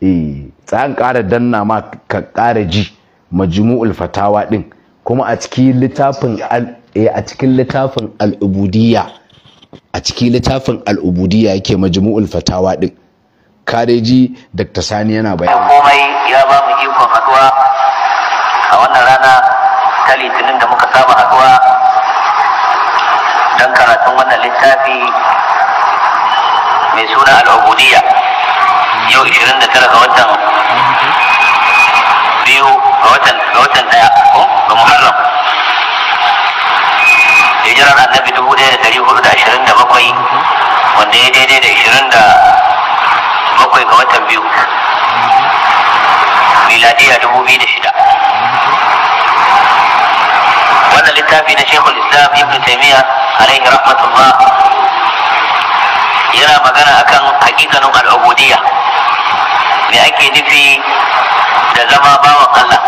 eh tsan ƙara danna ma ka ƙara ji majmu'ul fatawa din kuma a cikin littafin eh, a cikin littafin al-ubudiyya a cikin littafin al-ubudiyya yake majmu'ul fatawa din kareji dr sani yana bayani komai ya ba mu ikon a wannan rana ta litinin da muka saba haduwa don karatun wannan littafi mai suna al'ubudiyya yau 29 ga watan biyu ga watan ga watan daya ga muharram hijirar annabi dubu ɗaya da ɗari hudu da ashirin da bakwai wanda ya daidai da ashirin da bakwai ga watan biyu miladiya dubu biyu da shida هذا littafi na الإسلام ابن تيمية عليه رحمة الله yana magana akan hakikanin نوع me ake nufi da zama bawan Allah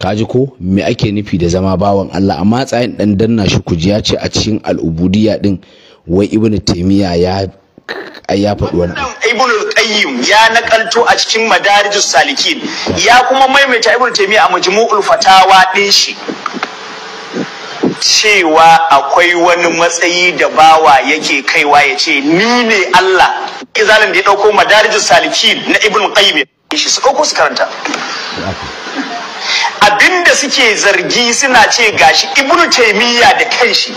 kaji ko me ake nufi da zama bawan Allah amma tsayin dan danna shi kuji ya ce a cikin al'ubudiyya din wai ibnu taymiya ya ya faɗi wannan ibn qayyim ya nakalto a cikin madarijus salikin ya kuma maimaita ibn taymiya a majmu'ul fatawa din shi cewa akwai wani matsayi da bawa yake kaiwa ya ce ni ne Allah izalin da ya ɗauko madarijin salikin na ibn qayyim shi su ɗauko su karanta abinda suke zargi suna ce gashi ibn taymiya da kanshi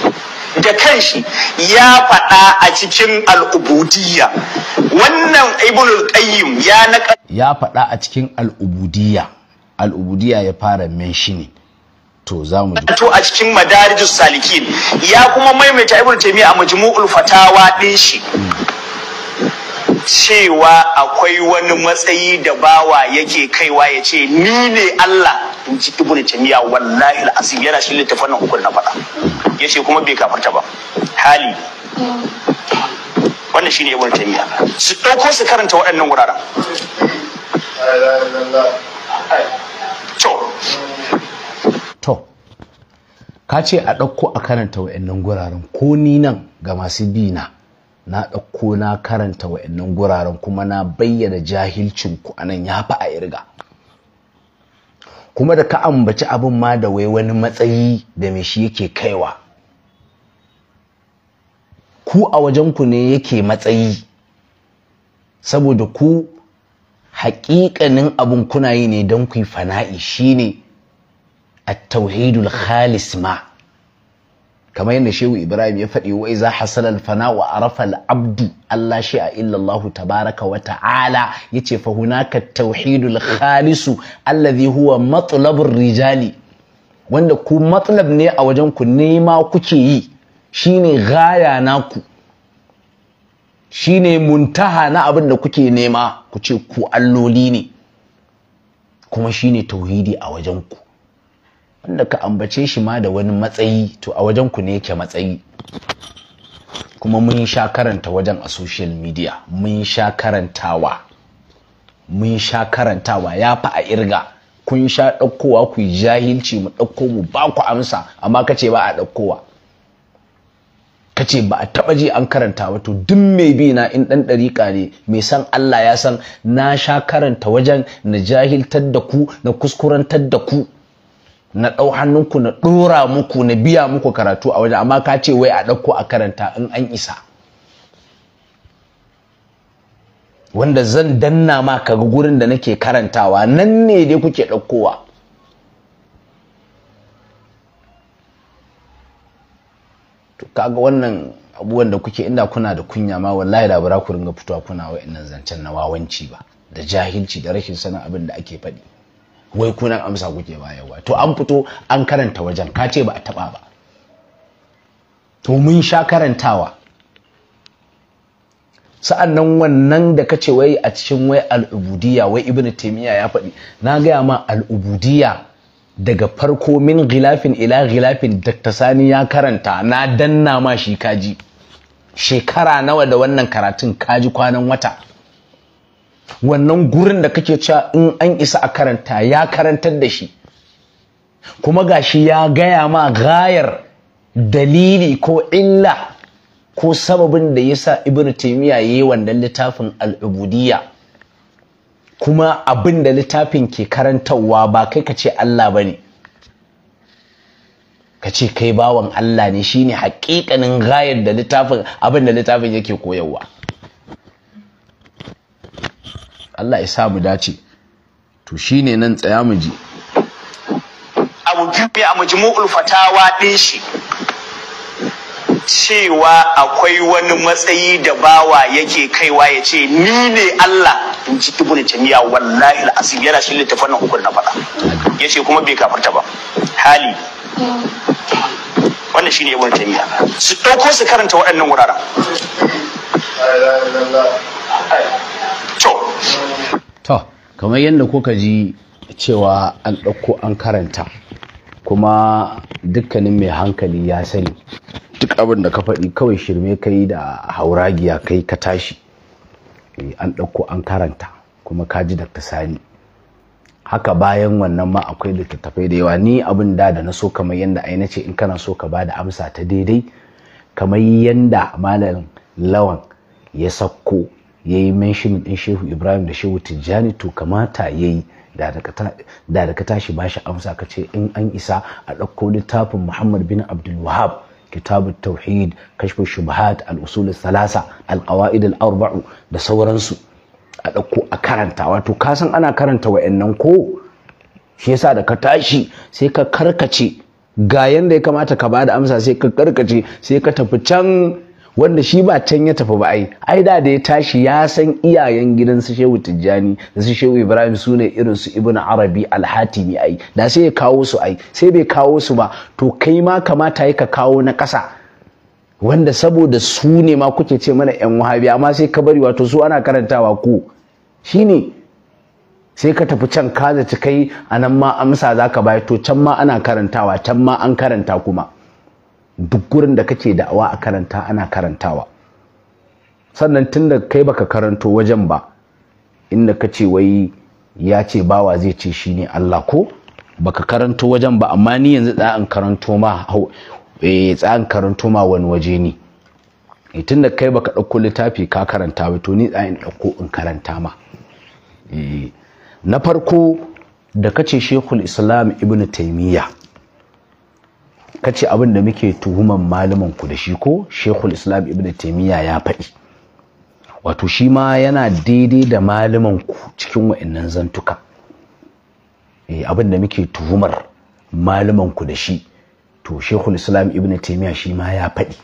da kanshi ya faɗa a cikin al'ubudiyya wannan ibn qayyim ya ya faɗa a cikin al'ubudiyya al'ubudiyya ya fara menshini to za mu ji to a cikin madarijus salikin ya kuma maimaita ibnu taymiya a majmu'ul fatawa din shi cewa akwai wani matsayi da bawa yake kaiwa ya ce ni ne Allah in ji ibn tamiya wallahi al'azim yana shi littafin nan uku na fada. ya ce kuma bai kafarta ba hali wannan shine ibn tamiya su ɗauko su karanta waɗannan wuraren to ka ce a ɗauko a karanta wa'annan guraren ko ni nan ga masu bi na na ɗauko na karanta wa'annan guraren kuma na bayyana jahilcin ku anan ya fi a irga kuma da ka ambaci abin ma da wai wani matsayi da mai shi yake kaiwa ku a wajenku ne yake matsayi saboda ku haƙiƙanin abin kuna yi ne don ku yi fana'i shine A tauhidul khalis ma kamar yadda shehu ibrahim ya faɗi wa iza hasala alfana wa arafa al'abdu allah shi'a illallahu tabaraka wa ta'ala yace fa hunaka tauhidul khalisu alladhi huwa matlabur rijali wanda ku matlab ne a wajen ku nema kuke yi shine gaya naku shine muntaha na abin da kuke nema ku ce ku alloli ne kuma shine tauhidi a wajen ku wanda ka ambace shi ma da wani matsayi to a wajen ku ne yake matsayi kuma mun sha karanta wajen a social media mun sha karantawa mun sha karantawa ya fi a irga kun sha ɗaukowa ku yi jahilci mu ɗauko mu ba ku amsa amma ka ce ba a ɗaukowa ka ce ba a taɓa ji an karanta ba to duk mai bi na in ɗan ɗariƙa ne mai san Allah ya san na sha karanta wajen na jahiltar da ku na kuskurantar da ku na ɗau hannunku na ɗora muku na biya muku karatu a wajen amma ka ce wai a ɗauko a karanta in an isa wanda zan danna ma kaga gurin da nake karantawa nan ne dai kuke ɗaukowa to kaga wannan abubuwan da kuke inda kuna da kunya ma wallahi da bara ku ringa fitowa kuna wa'annan zancen na wawanci ba da jahilci da rashin sanin abin da ake faɗi wai kunan amsa kuke bayarwa to an fito an karanta wajen ka ce ba a taba ba to mun sha karantawa Sa'annan wannan da ka ce wai a cikin wai al'ubudiyya wai ibn taimiyya ya faɗi na gaya ma al'ubudiyya daga farko min gilafin ila gilafin dakta sani ya karanta na danna ma shi kaji shekara nawa da wannan karatun kaji kwanan wata wannan gurin da kake cewa in an isa a karanta ya karantar da shi kuma gashi ya gaya ma gayar dalili ko illa ko sababin da yasa ibn ya yayi wannan littafin al'ubudiyya kuma abin da littafin ke karantarwa ba kai ka ce Allah ba ne. ka ce kai bawan Allah ne shine haƙiƙanin gayar da littafin abin da littafin yake koyarwa Allah ya sa mu dace to shine nan tsaya mu ji abu biyu a majmu'ul fatawa din shi cewa akwai wani matsayi da bawa yake kaiwa ya ce ni ne Allah in ji da jami'a wallahi al'asir yana shi littafin hukun na faɗa ya ce kuma bai kafarta ba hali wannan shi ne yabon jami'a. su ɗauko su karanta waɗannan wuraren kamar yadda kuka ji cewa an ɗauko an karanta kuma dukkanin mai hankali ya sani duk abin da ka faɗi kawai shirme kai da hauragiya kai ka tashi eh, an ɗauko an karanta kuma ka ji dakta sani haka bayan wannan ma akwai littattafai da yawa ni abin da da na so kamar yadda ai ce in kana so ka ba da amsa ta daidai kamar yadda malam lawan ya sakko ya yi menshinin ɗin shehu ibrahim da shehu tijjani to kamata ya yi da da ka tashi shi amsa ka ce in an isa a ɗauko littafin muhammad bin abdul wahab kitab tauhid kashfu shubahat al-usul Salasa, al-qawaid al-arba'u da sauransu a ɗauko a karanta wato ka san ana karanta wa'annan ko shi yasa da ka tashi sai ka karkace ga yanda ya kamata ka ba da amsa sai ka karkace sai ka tafi can wanda shi ba can ya tafi ba ai ai da da ya tashi ya san iyayen gidan su Shehu Tijjani da su Shehu Ibrahim su irin su Ibn Arabi Al-Hatimi ai da sai ya kawo su ai sai bai kawo su ba to kai ma kamata ka kawo na ƙasa wanda saboda su ne ma kuke ce mana yan wahabi amma sai ka bari wato su ana karantawa ko shine sai ka tafi can ka zaci kai anan ma amsa zaka bayar to can ma ana karantawa can ma an karanta kuma duk gurin da kake da'awa a karanta ana karantawa sannan tun da kai baka karanto wajen ba inda ka ce wai ya ce bawa zai ce shi ne Allah ko baka karanto wajen ba amma ni yanzu tsarin karanto ma eh, tsarin karanto ma wani waje ne eh, tun da kai baka ɗauko littafi ka karanta ba to ni tsarin ɗauko in karanta ma eh, na farko da kace shekul islam ibn taimiyya kace abin da muke tuhuman malamin ku da shi ko shekul islam ibn taimiyya ya faɗi wato shi ma yana daidai da malamin ku cikin wa'annan zantuka eh, abin da muke tuhumar malamin ku da shi to shekul islam ibn taimiyya shi ma ya faɗi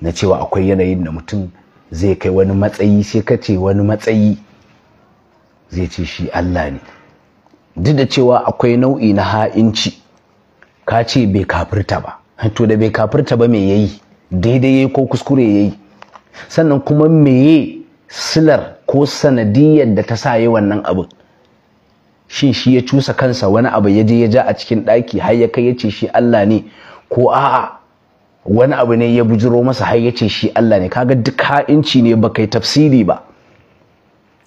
na cewa akwai yanayin da mutum zai kai wani matsayi sai ka ce wani matsayi zai ce shi Allah ne duk da cewa akwai nau'i na ha'inci ka ce bai kafirta ba to da bai kafirta ba me yayi daidai yayi ko kuskure yayi sannan kuma meye silar ko sanadiyar da ta sa yi wannan abin shin shi ya cusa kansa wani abu ya je ya ja a cikin ɗaki har ya kai ya ce shi Allah ne ko a'a wani abu ne ya bujiro masa har ya ce shi Allah ne kaga duk ha'inci ne ba kai tafsiri ba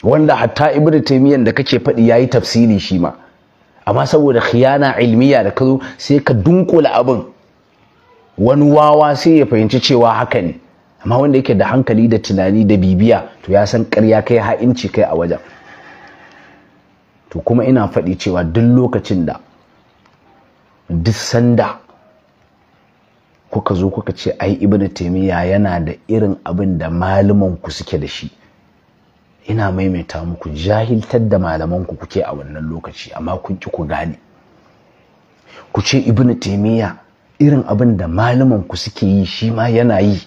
wanda hatta ibnu taymiyyah da kake faɗi yayi tafsiri shi ma amma saboda khiyana ilmiya da kazo sai ka dunkula abin wani wawa sai ya fahimci cewa haka ne amma wanda yake da hankali da tunani da bibiya to ya san karya kai ha'inci kai a wajen to kuma ina faɗi cewa duk lokacin da duk sanda kuka zo kuka ce ai ibnu taymiya yana da irin abin da malaman ku suke da shi ina maimaita muku jahiltar da malamanku kuke a wannan lokaci amma kun ki ku gane ku ce ibnu taymiya irin abin da malaman ku suke yi shi ma yana yi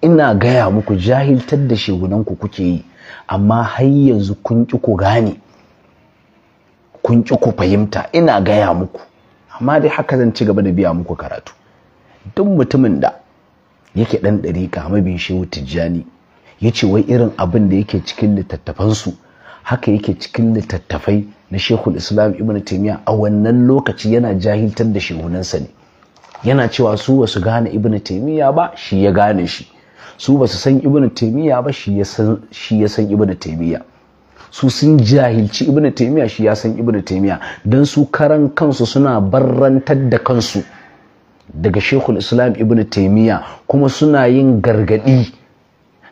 ina gaya muku jahiltar da shegunanku kuke yi amma har yanzu kun ki ku gane kun ki ku fahimta ina gaya muku amma dai haka zan ci gaba da biya muku karatu duk mutumin da yake ɗan ɗariƙa mabin shehu tijjani ya ce wai irin abin da yake cikin littattafansu haka yake cikin littattafai na shekul islam ibn taimiyya a wannan lokaci yana jahiltar da shehunansa ne yana cewa su basu gane ibn taimiyya ba shi ya gane shi su basu san ibn taimiyya ba shi ya san ibn taimiyya su sun jahilci ibn taimiyya shi ya san ibn taimiyya don su karan kansu suna barrantar da kansu daga shekul islam ibn taimiyya kuma suna yin gargadi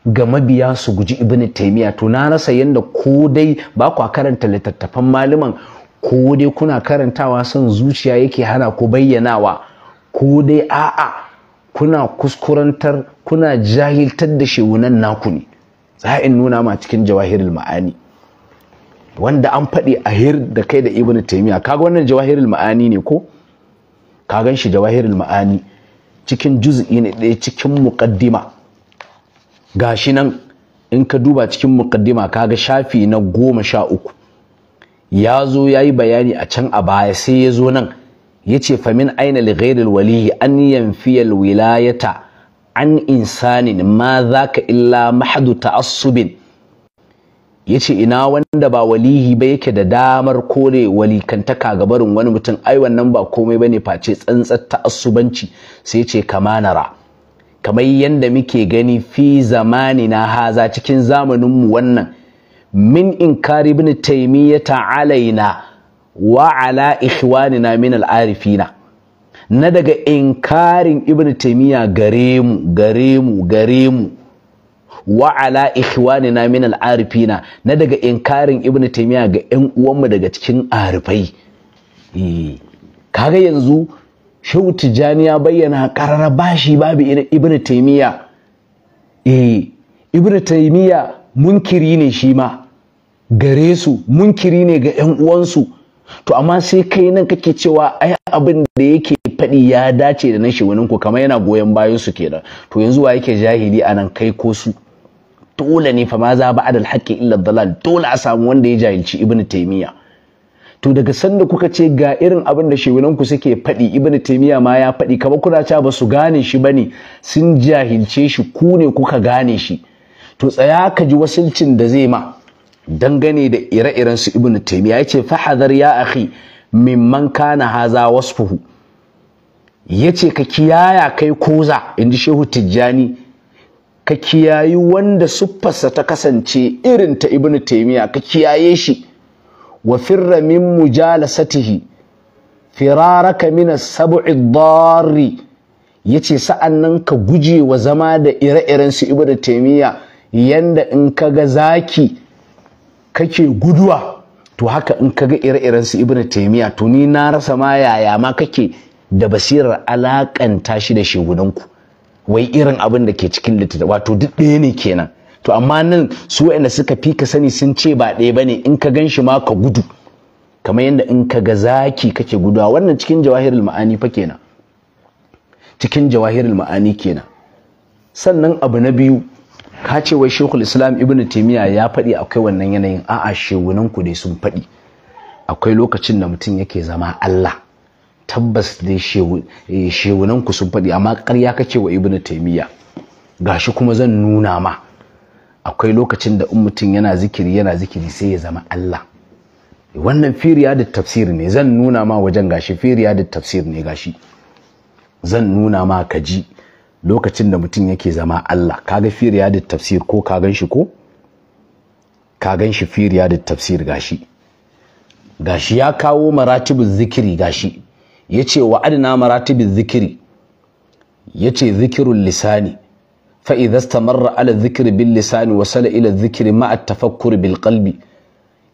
ga mabiya su guji ibn taimiya to na rasa yadda ko dai ba kwa karanta littattafan malaman ko dai kuna karantawa son zuciya yake hana ku bayyanawa ko dai a'a kuna kuskurantar kuna jahiltar da shewunan naku ne za in nuna ma cikin jawahirul ma'ani wanda an faɗi hir da kai da ibn taimiya kaga wannan jawahirul ma'ani ne ko ka gan shi jawahirul ma'ani cikin juz'i ne ɗaya cikin muƙaddima Ga shi nan in ka duba cikin mukaddima kaga shafi na goma sha uku ya zo ya yi bayani a can a baya sai ya zo nan ya ce famin aina lighairil walihi an yanfiyal wilayata an insanin ma za ka illa mahadu ta'assubin ya ce ina wanda ba walihi ba yake da damar kore walikantaka ga barin wani mutum ai wannan ba komai ba ne, face tsantsar ta'assubanci sai ce kamanara. kamar yadda muke gani fi zamani na haza cikin zamaninmu wannan min inkari ibn taymiyata alaina wa ala ikhwanina min al'arifina na daga inkarin ibn taimiyya gare mu gare mu gare mu wa ala ikhwanina min al'arifina na daga inkarin ibn taimiyya ga 'yan uwanmu daga cikin arifai eh, kaga yanzu shehu Tijani ya bayyana karara bashi babu Ibn taymiya eh Ibn taymiya munkiri ne shi ma gare su munkiri ne ga yan uwansu to amma sai kai nan kake cewa ai abin da yake faɗi ya dace da na wani ku kamar yana goyon bayan su kenan to yanzu wa yake jahili anan kai ko su dole ne fa ma za ba adal haqqi illa dalal dole a samu wanda ya jahilci Ibn taymiya to daga sanda kuka ce ga irin abin da shewinanku suke faɗi ibnu taimiya ma ya faɗi kamar kuna ca ba su gane shi bane sun jahilce shi ku ne kuka gane shi to tsaya ka ji wasilcin da zai ma dangane da ire-iren su ibnu taimiya yace fahadhar ya akhi mimman kana haza wasfuhu yace ka kiyaya kai koza inji shehu tijjani ka kiyayi wanda siffarsa ta kasance irin ta ibnu taimiya ka kiyaye shi wa firra min mujalasatihi firaraka min as-sab'i ad-darri yace sa'annan ka guje wa zama da ire-iren su ibnu taymiya yanda in kaga zaki kake guduwa to haka in kaga ire-iren su ibnu taymiya to ni na rasa ma yaya ma kake da basirar alakan tashi da shegudanku wai irin abin da ke cikin littattafa wato duk ɗaya ne kenan to amma nan su waɗanda suka fi ka sani sun ce ba ɗaya ba ne, in ka gan shi ma ka gudu kamar yadda in ka ga zaki kake guduwa wannan cikin jawahirul ma'ani fa kenan cikin jawahirul ma'ani kenan sannan abu na biyu ka ce wai shekul islam ibnu taimiyya ya faɗi akwai wannan yanayin a'a shewunan ku dai sun faɗi akwai lokacin da mutum yake zama Allah tabbas dai eh, shewunan ku sun faɗi amma ƙarya kake wa ibnu taimiyya gashi kuma zan nuna ma akwai lokacin da in mutum yana zikiri yana zikiri sai ya zama Allah wannan firiya da tafsir ne zan nuna ma wajen gashi firiya da tafsir ne gashi zan nuna ma ka ji lokacin da mutum yake zama Allah ka ga firiya da tafsir ko ka gan shi ko ka gan shi firiya da tafsir gashi gashi ya kawo maratibin zikiri gashi yace wa adna maratibin zikiri yace zikirul lisani fa idza istamarra ala dhikri bil lisani wasala ila dhikri ma at tafakkur bil qalbi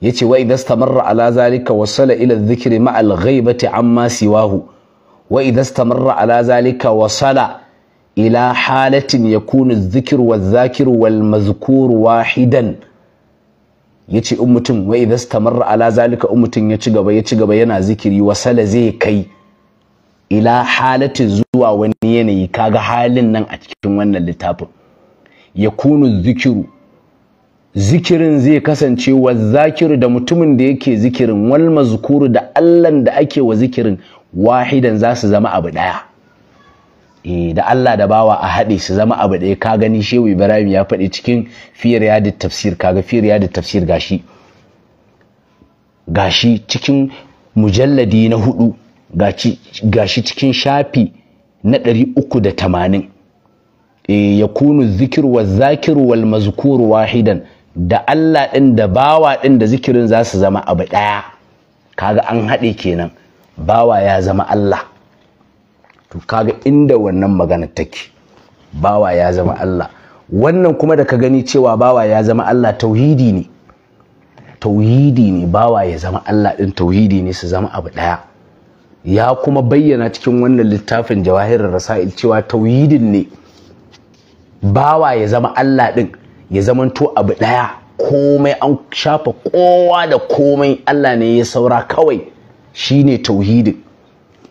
yace wa idza istamarra ala zalika wasala ila dhikri ma al ghaibati amma siwahu wa idza istamarra ala zalika wasala ila halatin yakunu dhikru wadh-dhakiru wal mazkuru wahidan ya ce in mutum wai idan stamarra ala ya ya ci gaba yana zikiri wasala zai kai ila halati zuwa wani yanayi kaga halin nan a cikin wannan littafin Yakunu zikiru zikirin zai kasance wa zakiru da mutumin da yake zikirin wal mazkuru da allan da ake wa zikirin wahidan za su zama abu daya eh da Allah da bawa a haɗe su zama abu ɗaya ka gani Shehu Ibrahim ya faɗi cikin fiyar tafsir kaga fiyar yadi tafsir gashi gashi cikin mujalladi na hudu gashi cikin shafi na 380 uku e, ya kunu zikir wa zakir wal mazkuru wahidan da Allah ɗin da bawa ɗin da zikirin za su zama abu ɗaya kaga an haɗe kenan bawa ya zama Allah to kaga inda wannan magana take bawa ya zama Allah wannan kuma da ka gani cewa bawa ya zama Allah tauhidi ne tauhidi ne bawa ya zama Allah ɗin tauhidi ne su zama abu ɗaya ya kuma bayyana cikin wannan littafin jawahirin rasa'il cewa tauhidin ne bawa ya zama Allah ɗin ya zamanto abu ɗaya komai an shafa kowa da komai Allah ne ya saura kawai Shi ne tauhidin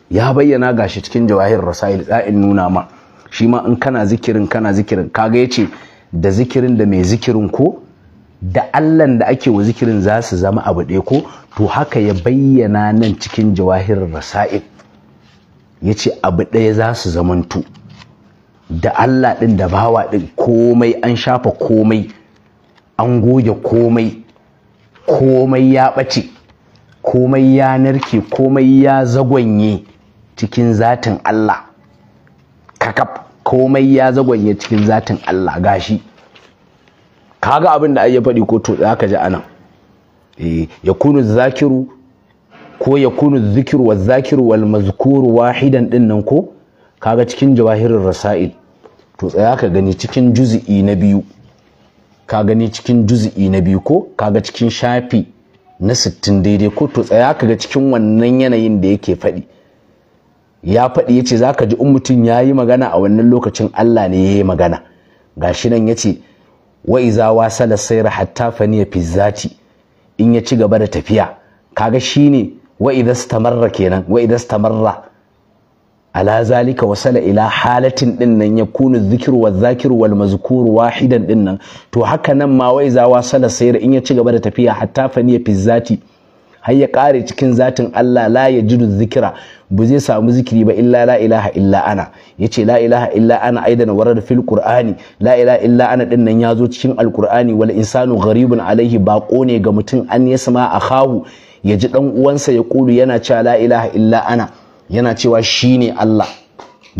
ya bayyana gashi cikin jawahirar rasa'il ɗa'in nuna ma shi ma in kana zikirin kana zikirin kaga ya ce da zikirin da mai zikirin ko da allan da ake wa zikirin za su zama abu ɗaya ko to haka ya bayyana nan cikin jawahirar rasa'i ya ce abu ɗaya za su zamantu da allah ɗin da bawa ɗin komai an shafa komai an goge komai komai ya ɓace komai ya narke komai ya zagwanye cikin zatin allah kakaf komai ya zagwanye cikin zatin allah gashi kaga abin da ya faɗi ko to zaka ji anan eh, ya kunu zakiru ko ya kunu zikiru wa zakiru wal mazkuru wahidan din nan ko kaga cikin jawahirin rasail to tsaya gani cikin juzi'i na biyu ka gani cikin juzi'i na biyu ko kaga cikin shafi na 60 daidai ko to tsaya ka ga cikin wannan yanayin da yake faɗi ya faɗi ya ce ji in mutum ya yi magana a wannan lokacin Allah ne yayi yi magana gashi nan yace wa iza wasala sayra hatta faniya in ya ci gaba da tafiya kaga shine wa idza stamarra kenan wa idza stamarra ala zalika wasala ila halatin din nan yakunu dhikru wa dhakiru wal mazkuru wahidan din nan to haka nan ma wa iza wasala sayra in ya ci gaba da tafiya hatta faniya fi har ya kare cikin zatin Allah la ya yajidu zikira bu zai samu zikiri ba illa la ilaha illa ana yace la ilaha illa ana na warar fil qur'ani la ilaha illa ana din nan yazo cikin alqur'ani wal insanu gharibun alaihi baqo ne ga mutum an ya sama a khahu ya ji dan uwansa ya kulu yana cewa la ilaha illa ana yana cewa shine Allah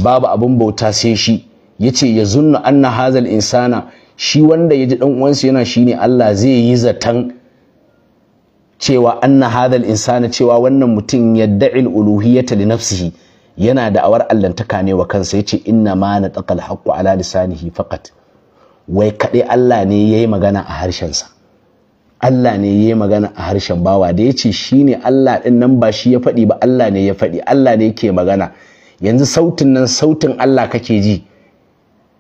babu abin bauta sai shi ya ce ya zunnu anna hazal insana shi wanda ya ji dan uwansa yana shine Allah zai yi zaton cewa anna hadal insana cewa wannan mutum yadda'il uluhiyata li nafsihi yana da awar allantaka ne wa kansa yace inna ma na taqal haqqu ala lisanihi faqat wai kaɗai Allah ne yayi magana a harshen sa Allah ne yayi magana a harshen bawa da yace shine Allah ɗin, nan ba shi ya faɗi ba Allah ne ya faɗi Allah ne yake magana yanzu sautin nan sautin Allah kake ji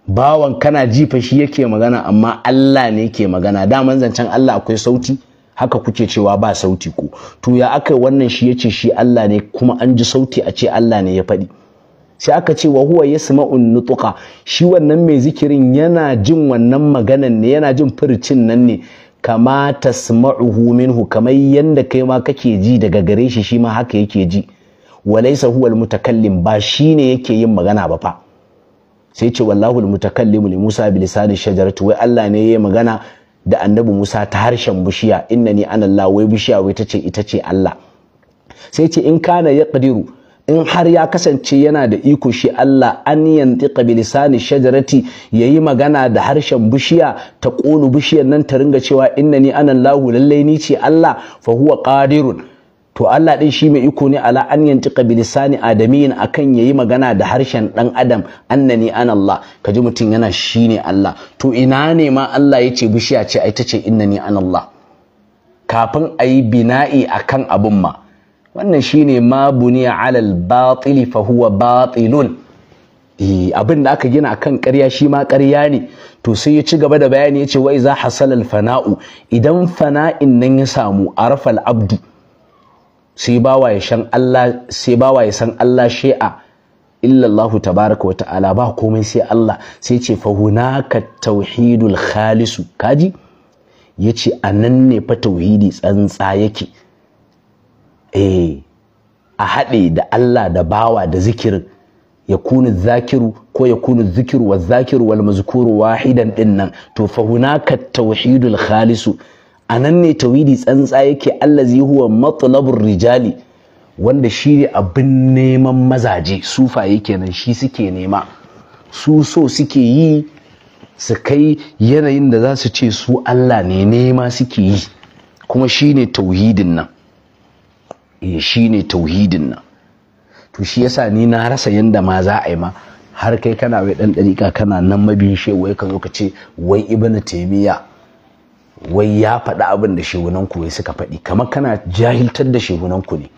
bawan kana jifa shi yake magana amma Allah ne ke magana daman zancen Allah akwai sauti haka kuke cewa ba sauti ko to ya aka wannan shi yace shi Allah ne kuma an ji sauti a ce Allah ne ya faɗi sai aka ce wa huwa yasma'un nutqa shi wannan mai zikirin yana jin wannan maganan ne yana jin furcin nan ne kama tasma'uhu minhu kamar yanda kai ma kake ji daga gare shi shi ma haka yake ji walaysa huwa almutakallim ba shine yake yin magana ba fa sai ce wallahu almutakallimu li Musa bi lisani shajarati wai Allah ne yayi magana da annabi Musa ta harshen bishiya innani anallah wai bishiya wai tace ita ce Allah sai ce in kana ya ƙadiru, in har ya kasance yana da iko shi Allah an yantiqa bi lisani shajarati yi magana da harshen bishiya ta ƙolu bishiyar nan ta ringa cewa Inna ni innani anallahu lallai ni ce Allah fa huwa qadirun to Allah ɗin shi mai iko ne ala an yanci qabilisani adamiyin akan yayi magana da harshen ɗan adam annani an Allah kaji mutum yana shine Allah to ina ne ma Allah yace bishiya ce ai tace innani an Allah kafin ayi bina'i akan abin ma wannan shine ma buniya alal batili fa batilun eh, abin da aka gina akan karya shi ma ƙarya ne to sai ya ci gaba da bayani ya ce wa iza hasal al fana'u idan fana'in nan ya samu rafal abdu sai bawa ya san Allah shi'a illallahu tabaraka wata'ala ba komai sai Allah sai ce fa hunaka tauhidul khalisu kaji yace nan ne fa tauhidi tsantsa yake eh a haɗe da Allah da bawa da zikirin ya kunu zakiru ko ya kunu zikiru wa zakiru wal mazkuru wahidan dinnan to fa hunaka tauhidul khalisu a nan ne tawidi tsantsa yake allazi huwa matlabur rijali wanda shi ne abin neman mazaje sufaye kenan shi suke nema su so suke yi su kai yanayin da za su ce su Allah ne nema suke yi kuma shi ne tauhidin nan eh, shi ne tauhidin nan to shi yasa ni na rasa yanda ma za a yi ma har kai kana wai dan dariƙa kana nan mabiyin shewa wai ka zo ka ce wai ibnu taymiya wai ya faɗi abin da shegunanku wai suka faɗi kamar kana jahiltar da shegunanku ne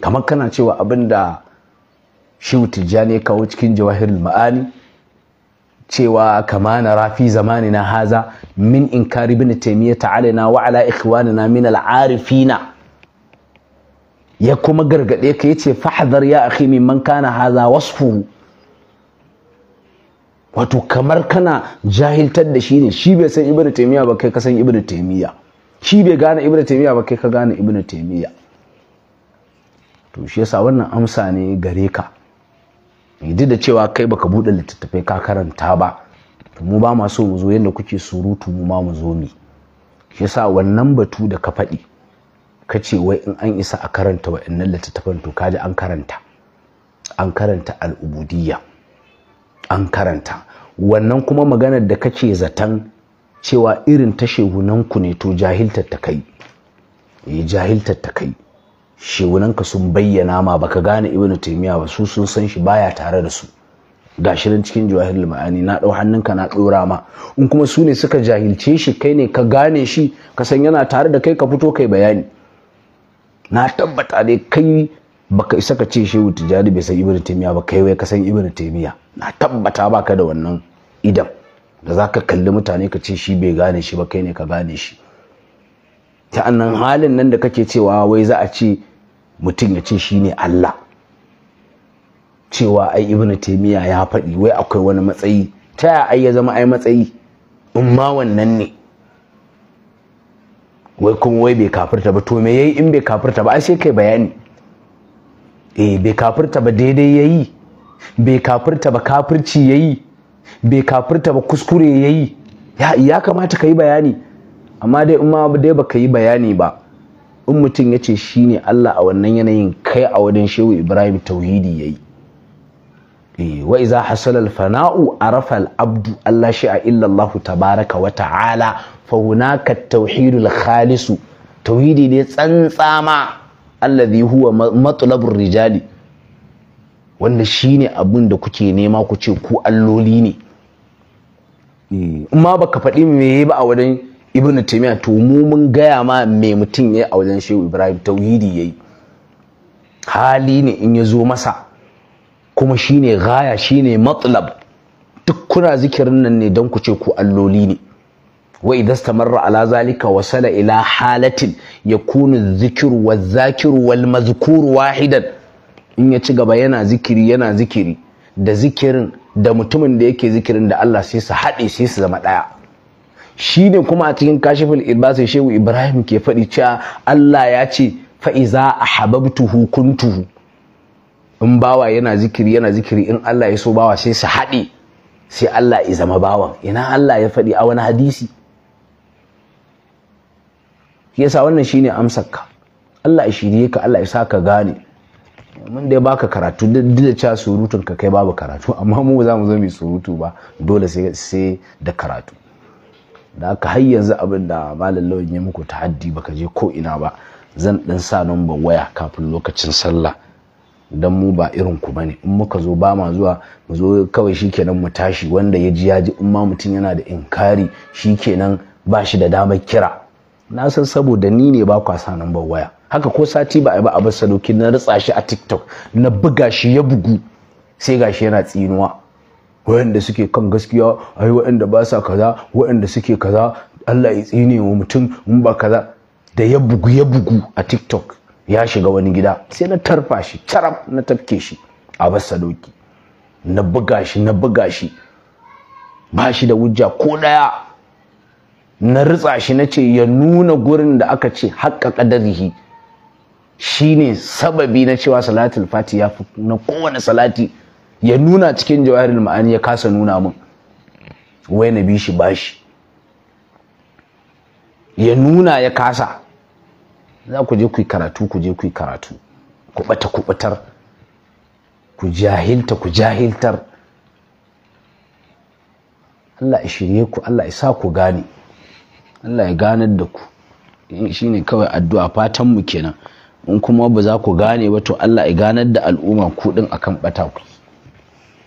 kamar kana cewa abin da shehu tijjani ya kawo cikin jawahirul ma'ani cewa kama na rafi zamani na haza min in kari bin taimiyya ta'alina wa ala na min al'arifina ya kuma gargaɗe ka ce fahadar ya akhi min man kana haza wasfuhu wato kamar kana jahiltar da shi ne shi bai san ibnu taymiya ba kai ka san ibnu taymiya shi bai gane ibnu taymiya ba kai ka gane ibnu taymiya to shi yasa wannan amsa ne gare ka idan eh, da cewa kai baka buɗe littattafai ka karanta ba to mu ba ma so mu zo yadda kuke surutu mu ma mu zo mi shi yasa wannan batu da ka faɗi ka ce wai in an isa a karanta wa'annan littattafan to kaji an karanta an karanta al'ubudiyya an karanta wannan kuma maganar da kake zaton cewa irin ta shehunanku ne to jahiltar ta kai eh jahiltar ta kai shehunanka sun bayyana ma baka gane ibnu taymiya ba su sun san shi baya tare da su ga shirin cikin jawahirul ma'ani na dau hannunka na dora ma in kuma su ne suka jahilce shi kai ne ka gane shi ka san yana tare da kai ka fito kai bayani na tabbata dai kai baka isa ka ce shehu tijjani bai san ibn taymiya ba kai wai ka san ibn taymiya na tabbata baka da wannan idan da zaka kalli mutane ka ce shi bai gane shi ba kai ne ka gane shi ta annan halin nan da kake cewa wai za a ce mutum ya ce shi ne Allah cewa ai ibn taymiya ya faɗi wai akwai wani matsayi ta ya ai ya zama ai matsayi in ma wannan ne wai kuma wai bai kafirta ba to me yayi in bai kafirta ba ai sai kai bayani eh bai kafirta ba daidai yayi bai kafirta ba kafirci yayi bai kafirta ba kuskure yayi ya ya kamata ka yi bayani amma dai in ma dai baka yi bayani ba in mutum ya ce shi ne Allah a wannan yanayin kai a wajen shehu Ibrahim tauhidi yayi eh wa iza hasala fana'u arafa al-abdu Allah shi'a illa Allah tabaraka wa ta'ala fa hunaka at-tauhidul khalisu tauhidi ne tsantsama allazi huwa matlabur rijali wanda shine abin da kuke nema ku ce ku alloli ne in baka faɗi me ba a wajen ibn taymiya to mu mun gaya ma me mutum yayi a wajen shehu ibrahim tauhidi yayi hali ne in ya zo masa kuma shine gaya shine matlab duk kuna zikirin nan ne don ku ce ku alloli ne wa idan ala zalika wasala ila halatin yakunu zikiru wa zakiru wal mazkuru wahidan in ya ci gaba yana zikiri yana zikiri da zikirin da mutumin da yake zikirin da Allah sai su haɗe sai su zama ɗaya shi ne kuma a cikin kashifin ilbasi shehu ibrahim ke faɗi cewa Allah ya ce fa'iza a hababtuhu kuntuhu in bawa yana zikiri yana zikiri in Allah ya so bawa sai su haɗe sai Allah ya zama bawan ina Allah ya faɗi a wani hadisi shi yasa wannan shine amsar ka Allah ya shirye ka Allah ya sa ka gane mun dai baka karatu duk da cewa surutun ka kai babu karatu amma mu ba za mu zo mu surutu ba dole sai sai da karatu da aka har yanzu abin da malam lawan ya muku haddi baka je ko ina ba zan dan sa number waya kafin lokacin sallah dan mu ba irin ku bane in muka zo ba ma zuwa mu zo kawai shikenan mu tashi wanda ya ji ya ji in ma mutum yana da inkari shikenan ba shi da damar kira na san saboda ni ne ba kwasa nan ba waya haka ko sati ba a ba abin doki na ritsa shi a tiktok na buga shi ya bugu sai gashi yana tsinuwa waɗanda suke kan gaskiya ai waɗanda ba sa kaza waɗanda suke kaza Allah ya tsine wa mutum in ba kaza da ya bugu ya bugu a tiktok ya shiga wani gida sai na tarfa shi carab na tafke shi a bar doki na buga shi na buga shi ba shi da wujja ko ɗaya na ritsa shi na ce ya nuna gurin da aka ce haƙƙa ƙadarihi shine sababi na cewa salatul fati ya fi na kowane salati ya nuna cikin jawaharul ma'ani ya kasa nuna mun. wai na bi shi bashi ya nuna ya kasa za ku je ku yi karatu ku je ku yi karatu ku ɓata ku batar ku jahilta ku jahiltar Allah ya shirye ku Allah ya sa ku gane Allah ya ganar da ku eh, shine kawai addu'a fatan mu kenan in kuma ba za ku gane ba to Allah ya ganar da al'umma ku din akan bata ku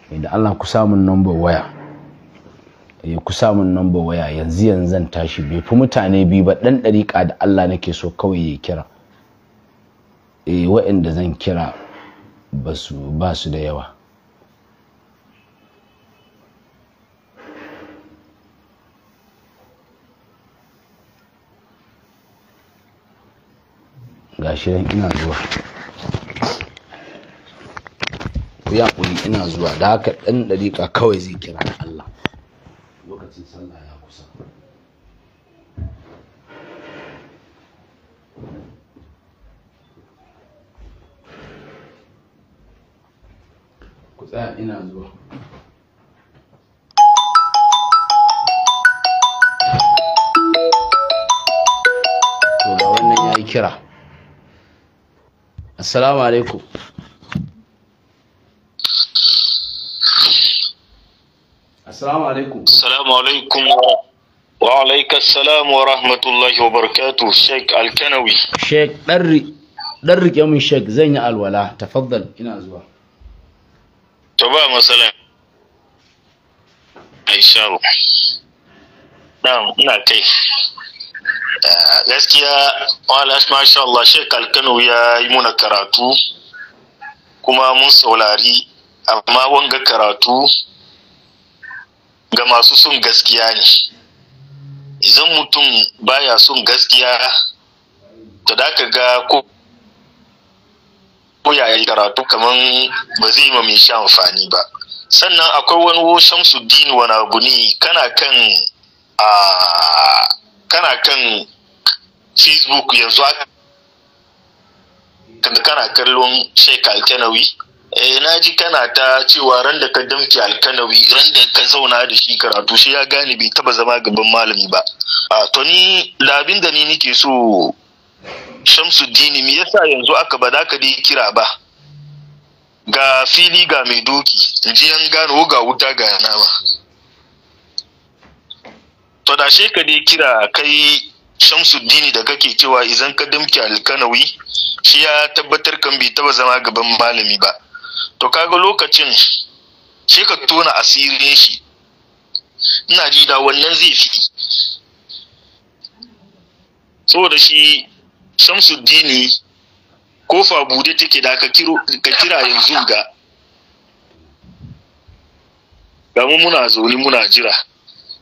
eh, da Allah ku samun number waya ya eh, ku samun number waya yanzu yanzu tashi bai fi mutane bi ba ɗan dariƙa da Allah nake so kawai ya kira eh waɗanda zan kira ba su da yawa gashi nan ina zuwa ku ya kuri ina zuwa da haka ɗan ɗariƙa kawai zai kira na Allah lokacin sallah ya kusa ku tsaya ina zuwa to ga wannan ya yi kira assalamu alaikum assalamu alaikum assalamu alaikum wa alaika assalam wa rahmatullahi wa barakatuh sheik alkanawi sheik darri rike min sheik zan yi alwala tafaddal ina zuwa to ba matsala Aisha Allah na'am ina kai Eh, gaskiya walas masha Allah shi alkano ya yi muna karatu kuma mun saurari amma wanga karatu ga masu sun gaskiya ne idan mutum baya sun gaskiya to da ka ga ko ya yi karatu kamar ba zai ma mai sha amfani ba sannan akwai wani wo shamsuddin wani abu ne kana kan a ah, kana kan facebook yanzu kana kallon sheik alkanawi eh na ji kana ta cewa ran da ka damke alkanawi ran da ka zauna da shi karatu shi ya gane bai taba zama gaban malami ba a to ni da abin da ni nake so shamsuddini me yasa yanzu aka ba za ka dai kira ba ga fili ga mai doki ji an gano ga wuta ga nama to da ka ne kira kai shamsuddini da kake cewa idan ka dimke alkanawi shi ya tabbatar kan bai taba zama gaban malami ba to kaga lokacin shi ka tona asirin shi ina ji da wannan zai fi So da shi shamsuddini kofa bude take da ka kira yanzu ga ga muna zaune muna jira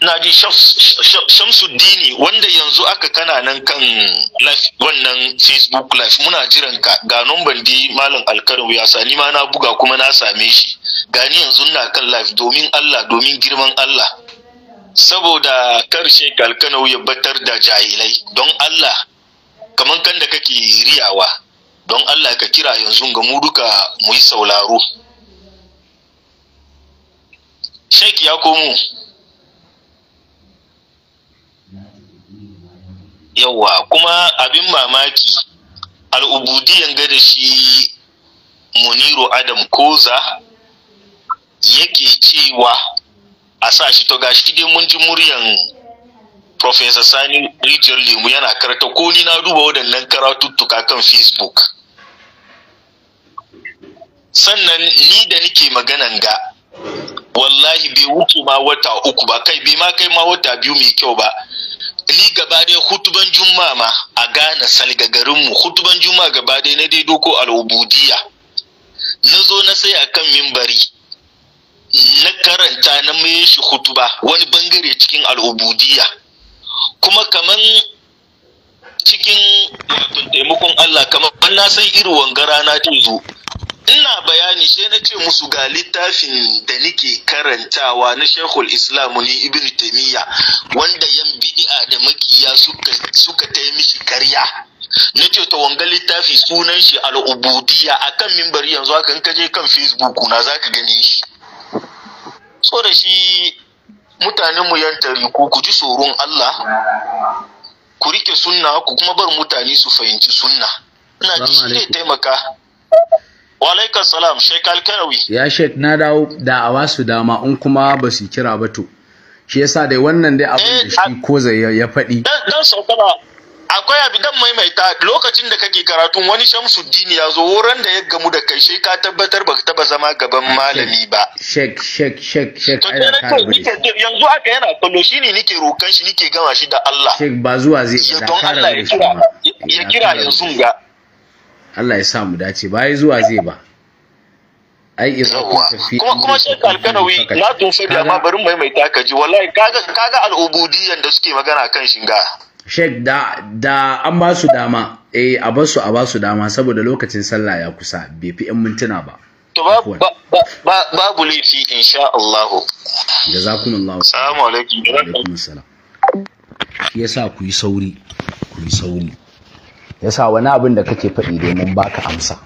na ji dini wanda yanzu aka kana nan kan wannan facebook live muna jiran ka ga numban di malam alkarin ya ni ma na buga kuma na same shi gani yanzu na kan live domin allah domin girman allah saboda karshe kalkanau ya batar da jahilai don allah kamar kan da kake riyawa don allah ka kira yanzu ga mu duka mu yi sauraro sheik ya komo Yawa kuma abin mamaki al'ubudiyan da shi muniru adam koza yake cewa a sa shi to gashi dai mun ji muryan Professor Sani Rijiyar Lemu yana karata ko ni na duba waɗannan karatuttuka kan Facebook. Sannan ni da nike maganan ga wallahi bai wuce ma wata uku ba kai bai ma kai ma wata biyu mai kyau ba ni gaba dai hutuban juma'a ma a gane salgagarinmu. hutuban juma gaba dai na dai doko al'ubudiya na zo na sai kan mimbari na karanta na maye shi hutuba wani bangare cikin al'ubudiya kuma kamar cikin taimakon Allah kamar na san irin wanga rana ta zo ina bayani sai na ce musu ga littafin da nake karantawa na shekul islamu ne ibn taimiyya wanda yan bidi'a da makiya suka ta yi mishi karya na ce ta wanga littafi sunan shi a kan mimbar yanzu haka in kaje kan facebook na za ka gani shi so da shi mutanenmu yan tariku ku ji tsoron Allah ku rike sunna ku kuma bar mutane su fahimci sunna ina ji shi taimaka Walaikar salam, Sheikh Alkarawi. Ya Sheikh na dawo da awa su dama in kuma ba su kira ba to. Shi yasa dai wannan dai abin da eh, shi ko zai ya faɗi. Dan saukara akwai abu dan maimaita lokacin da kake karatun wani Shamsuddin ya zo wurin da ya gamu da kai shi ka tabbatar ba taba zama gaban malami ba. Shek shek shek shek ai da yanzu aka yana kallo ne nike rokan shi nike gama shi da Allah. Shek ba zuwa zai da kare shi. Ya kira yanzu ga. Allah ya sa mu dace ba zuwa zai ba ai ku tafi kuma shi kalkanawi na to sai da ma bari maimaita ka ji wallahi kaga kaga al'ubudiyan da suke magana kan shinga Sheikh da da an ba su dama eh a ba su a ba su dama saboda lokacin sallah ya kusa bai fi yan mintuna ba to babu laifi insha Allah jazakumullahu assalamu alaikum wa wa barakatuh yasa ku yi sauri ku yi sauri yasa wani abin da kake faɗi dai mun baka amsa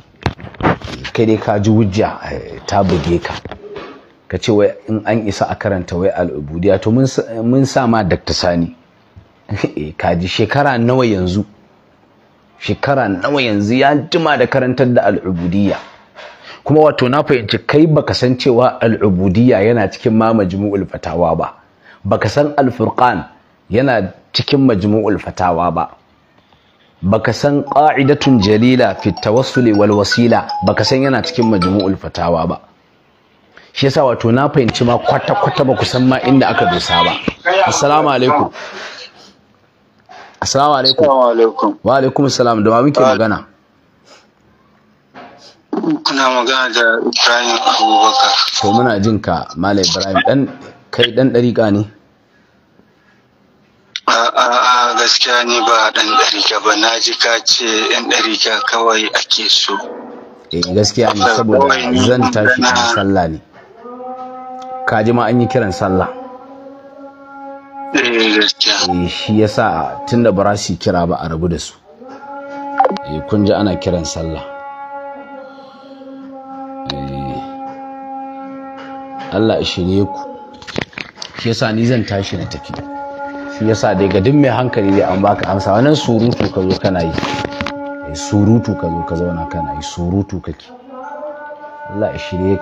kai dai ka ji hujja eh, ta buge ka ka ce wai in an isa a karanta wai al'ubudiya to mun sa ma Dr. sani eh, ka ji shekara nawa yanzu shekara nawa yanzu ya jima da karantar da al'ubudiyya kuma wato na fahimci kai baka san cewa al'ubudiyya yana cikin ma majmu'ul fatawa ba baka san al-furqan yana cikin majmu'ul fatawa ba baka san qa'idatun jalila fi tawassul wal wasila baka san yana cikin majmu'ul fatawa ba shi yasa wato na fahimci ma kwata kwata ba ku san ma inda aka dosa ba assalamu alaikum assalamu alaikum wa alaikum assalam da ma muke magana kuna magana da Ibrahim Abubakar to muna jin ka Malam Ibrahim dan kai dan dariqa ne A'a gaskiya ne ba ɗan ɗarika ba na ji ka ce ɗan ɗarika kawai ake so. Eh gaskiya ne saboda zan tashi a sallah ne. Ka ji ma an yi kiran sallah. Eh gaskiya. Eh shi yasa tunda ba su kira ba a rabu da su. Eh kun ji ana kiran sallah. Eh, Allah ya shirye ku. Shi yasa ni zan tashi na tafi. yasa dai ga duk mai hankali dai an baka amsa wannan surutu ka zo kana yi eh, surutu ka zo ka zauna kana yi surutu kake Allah ya shirye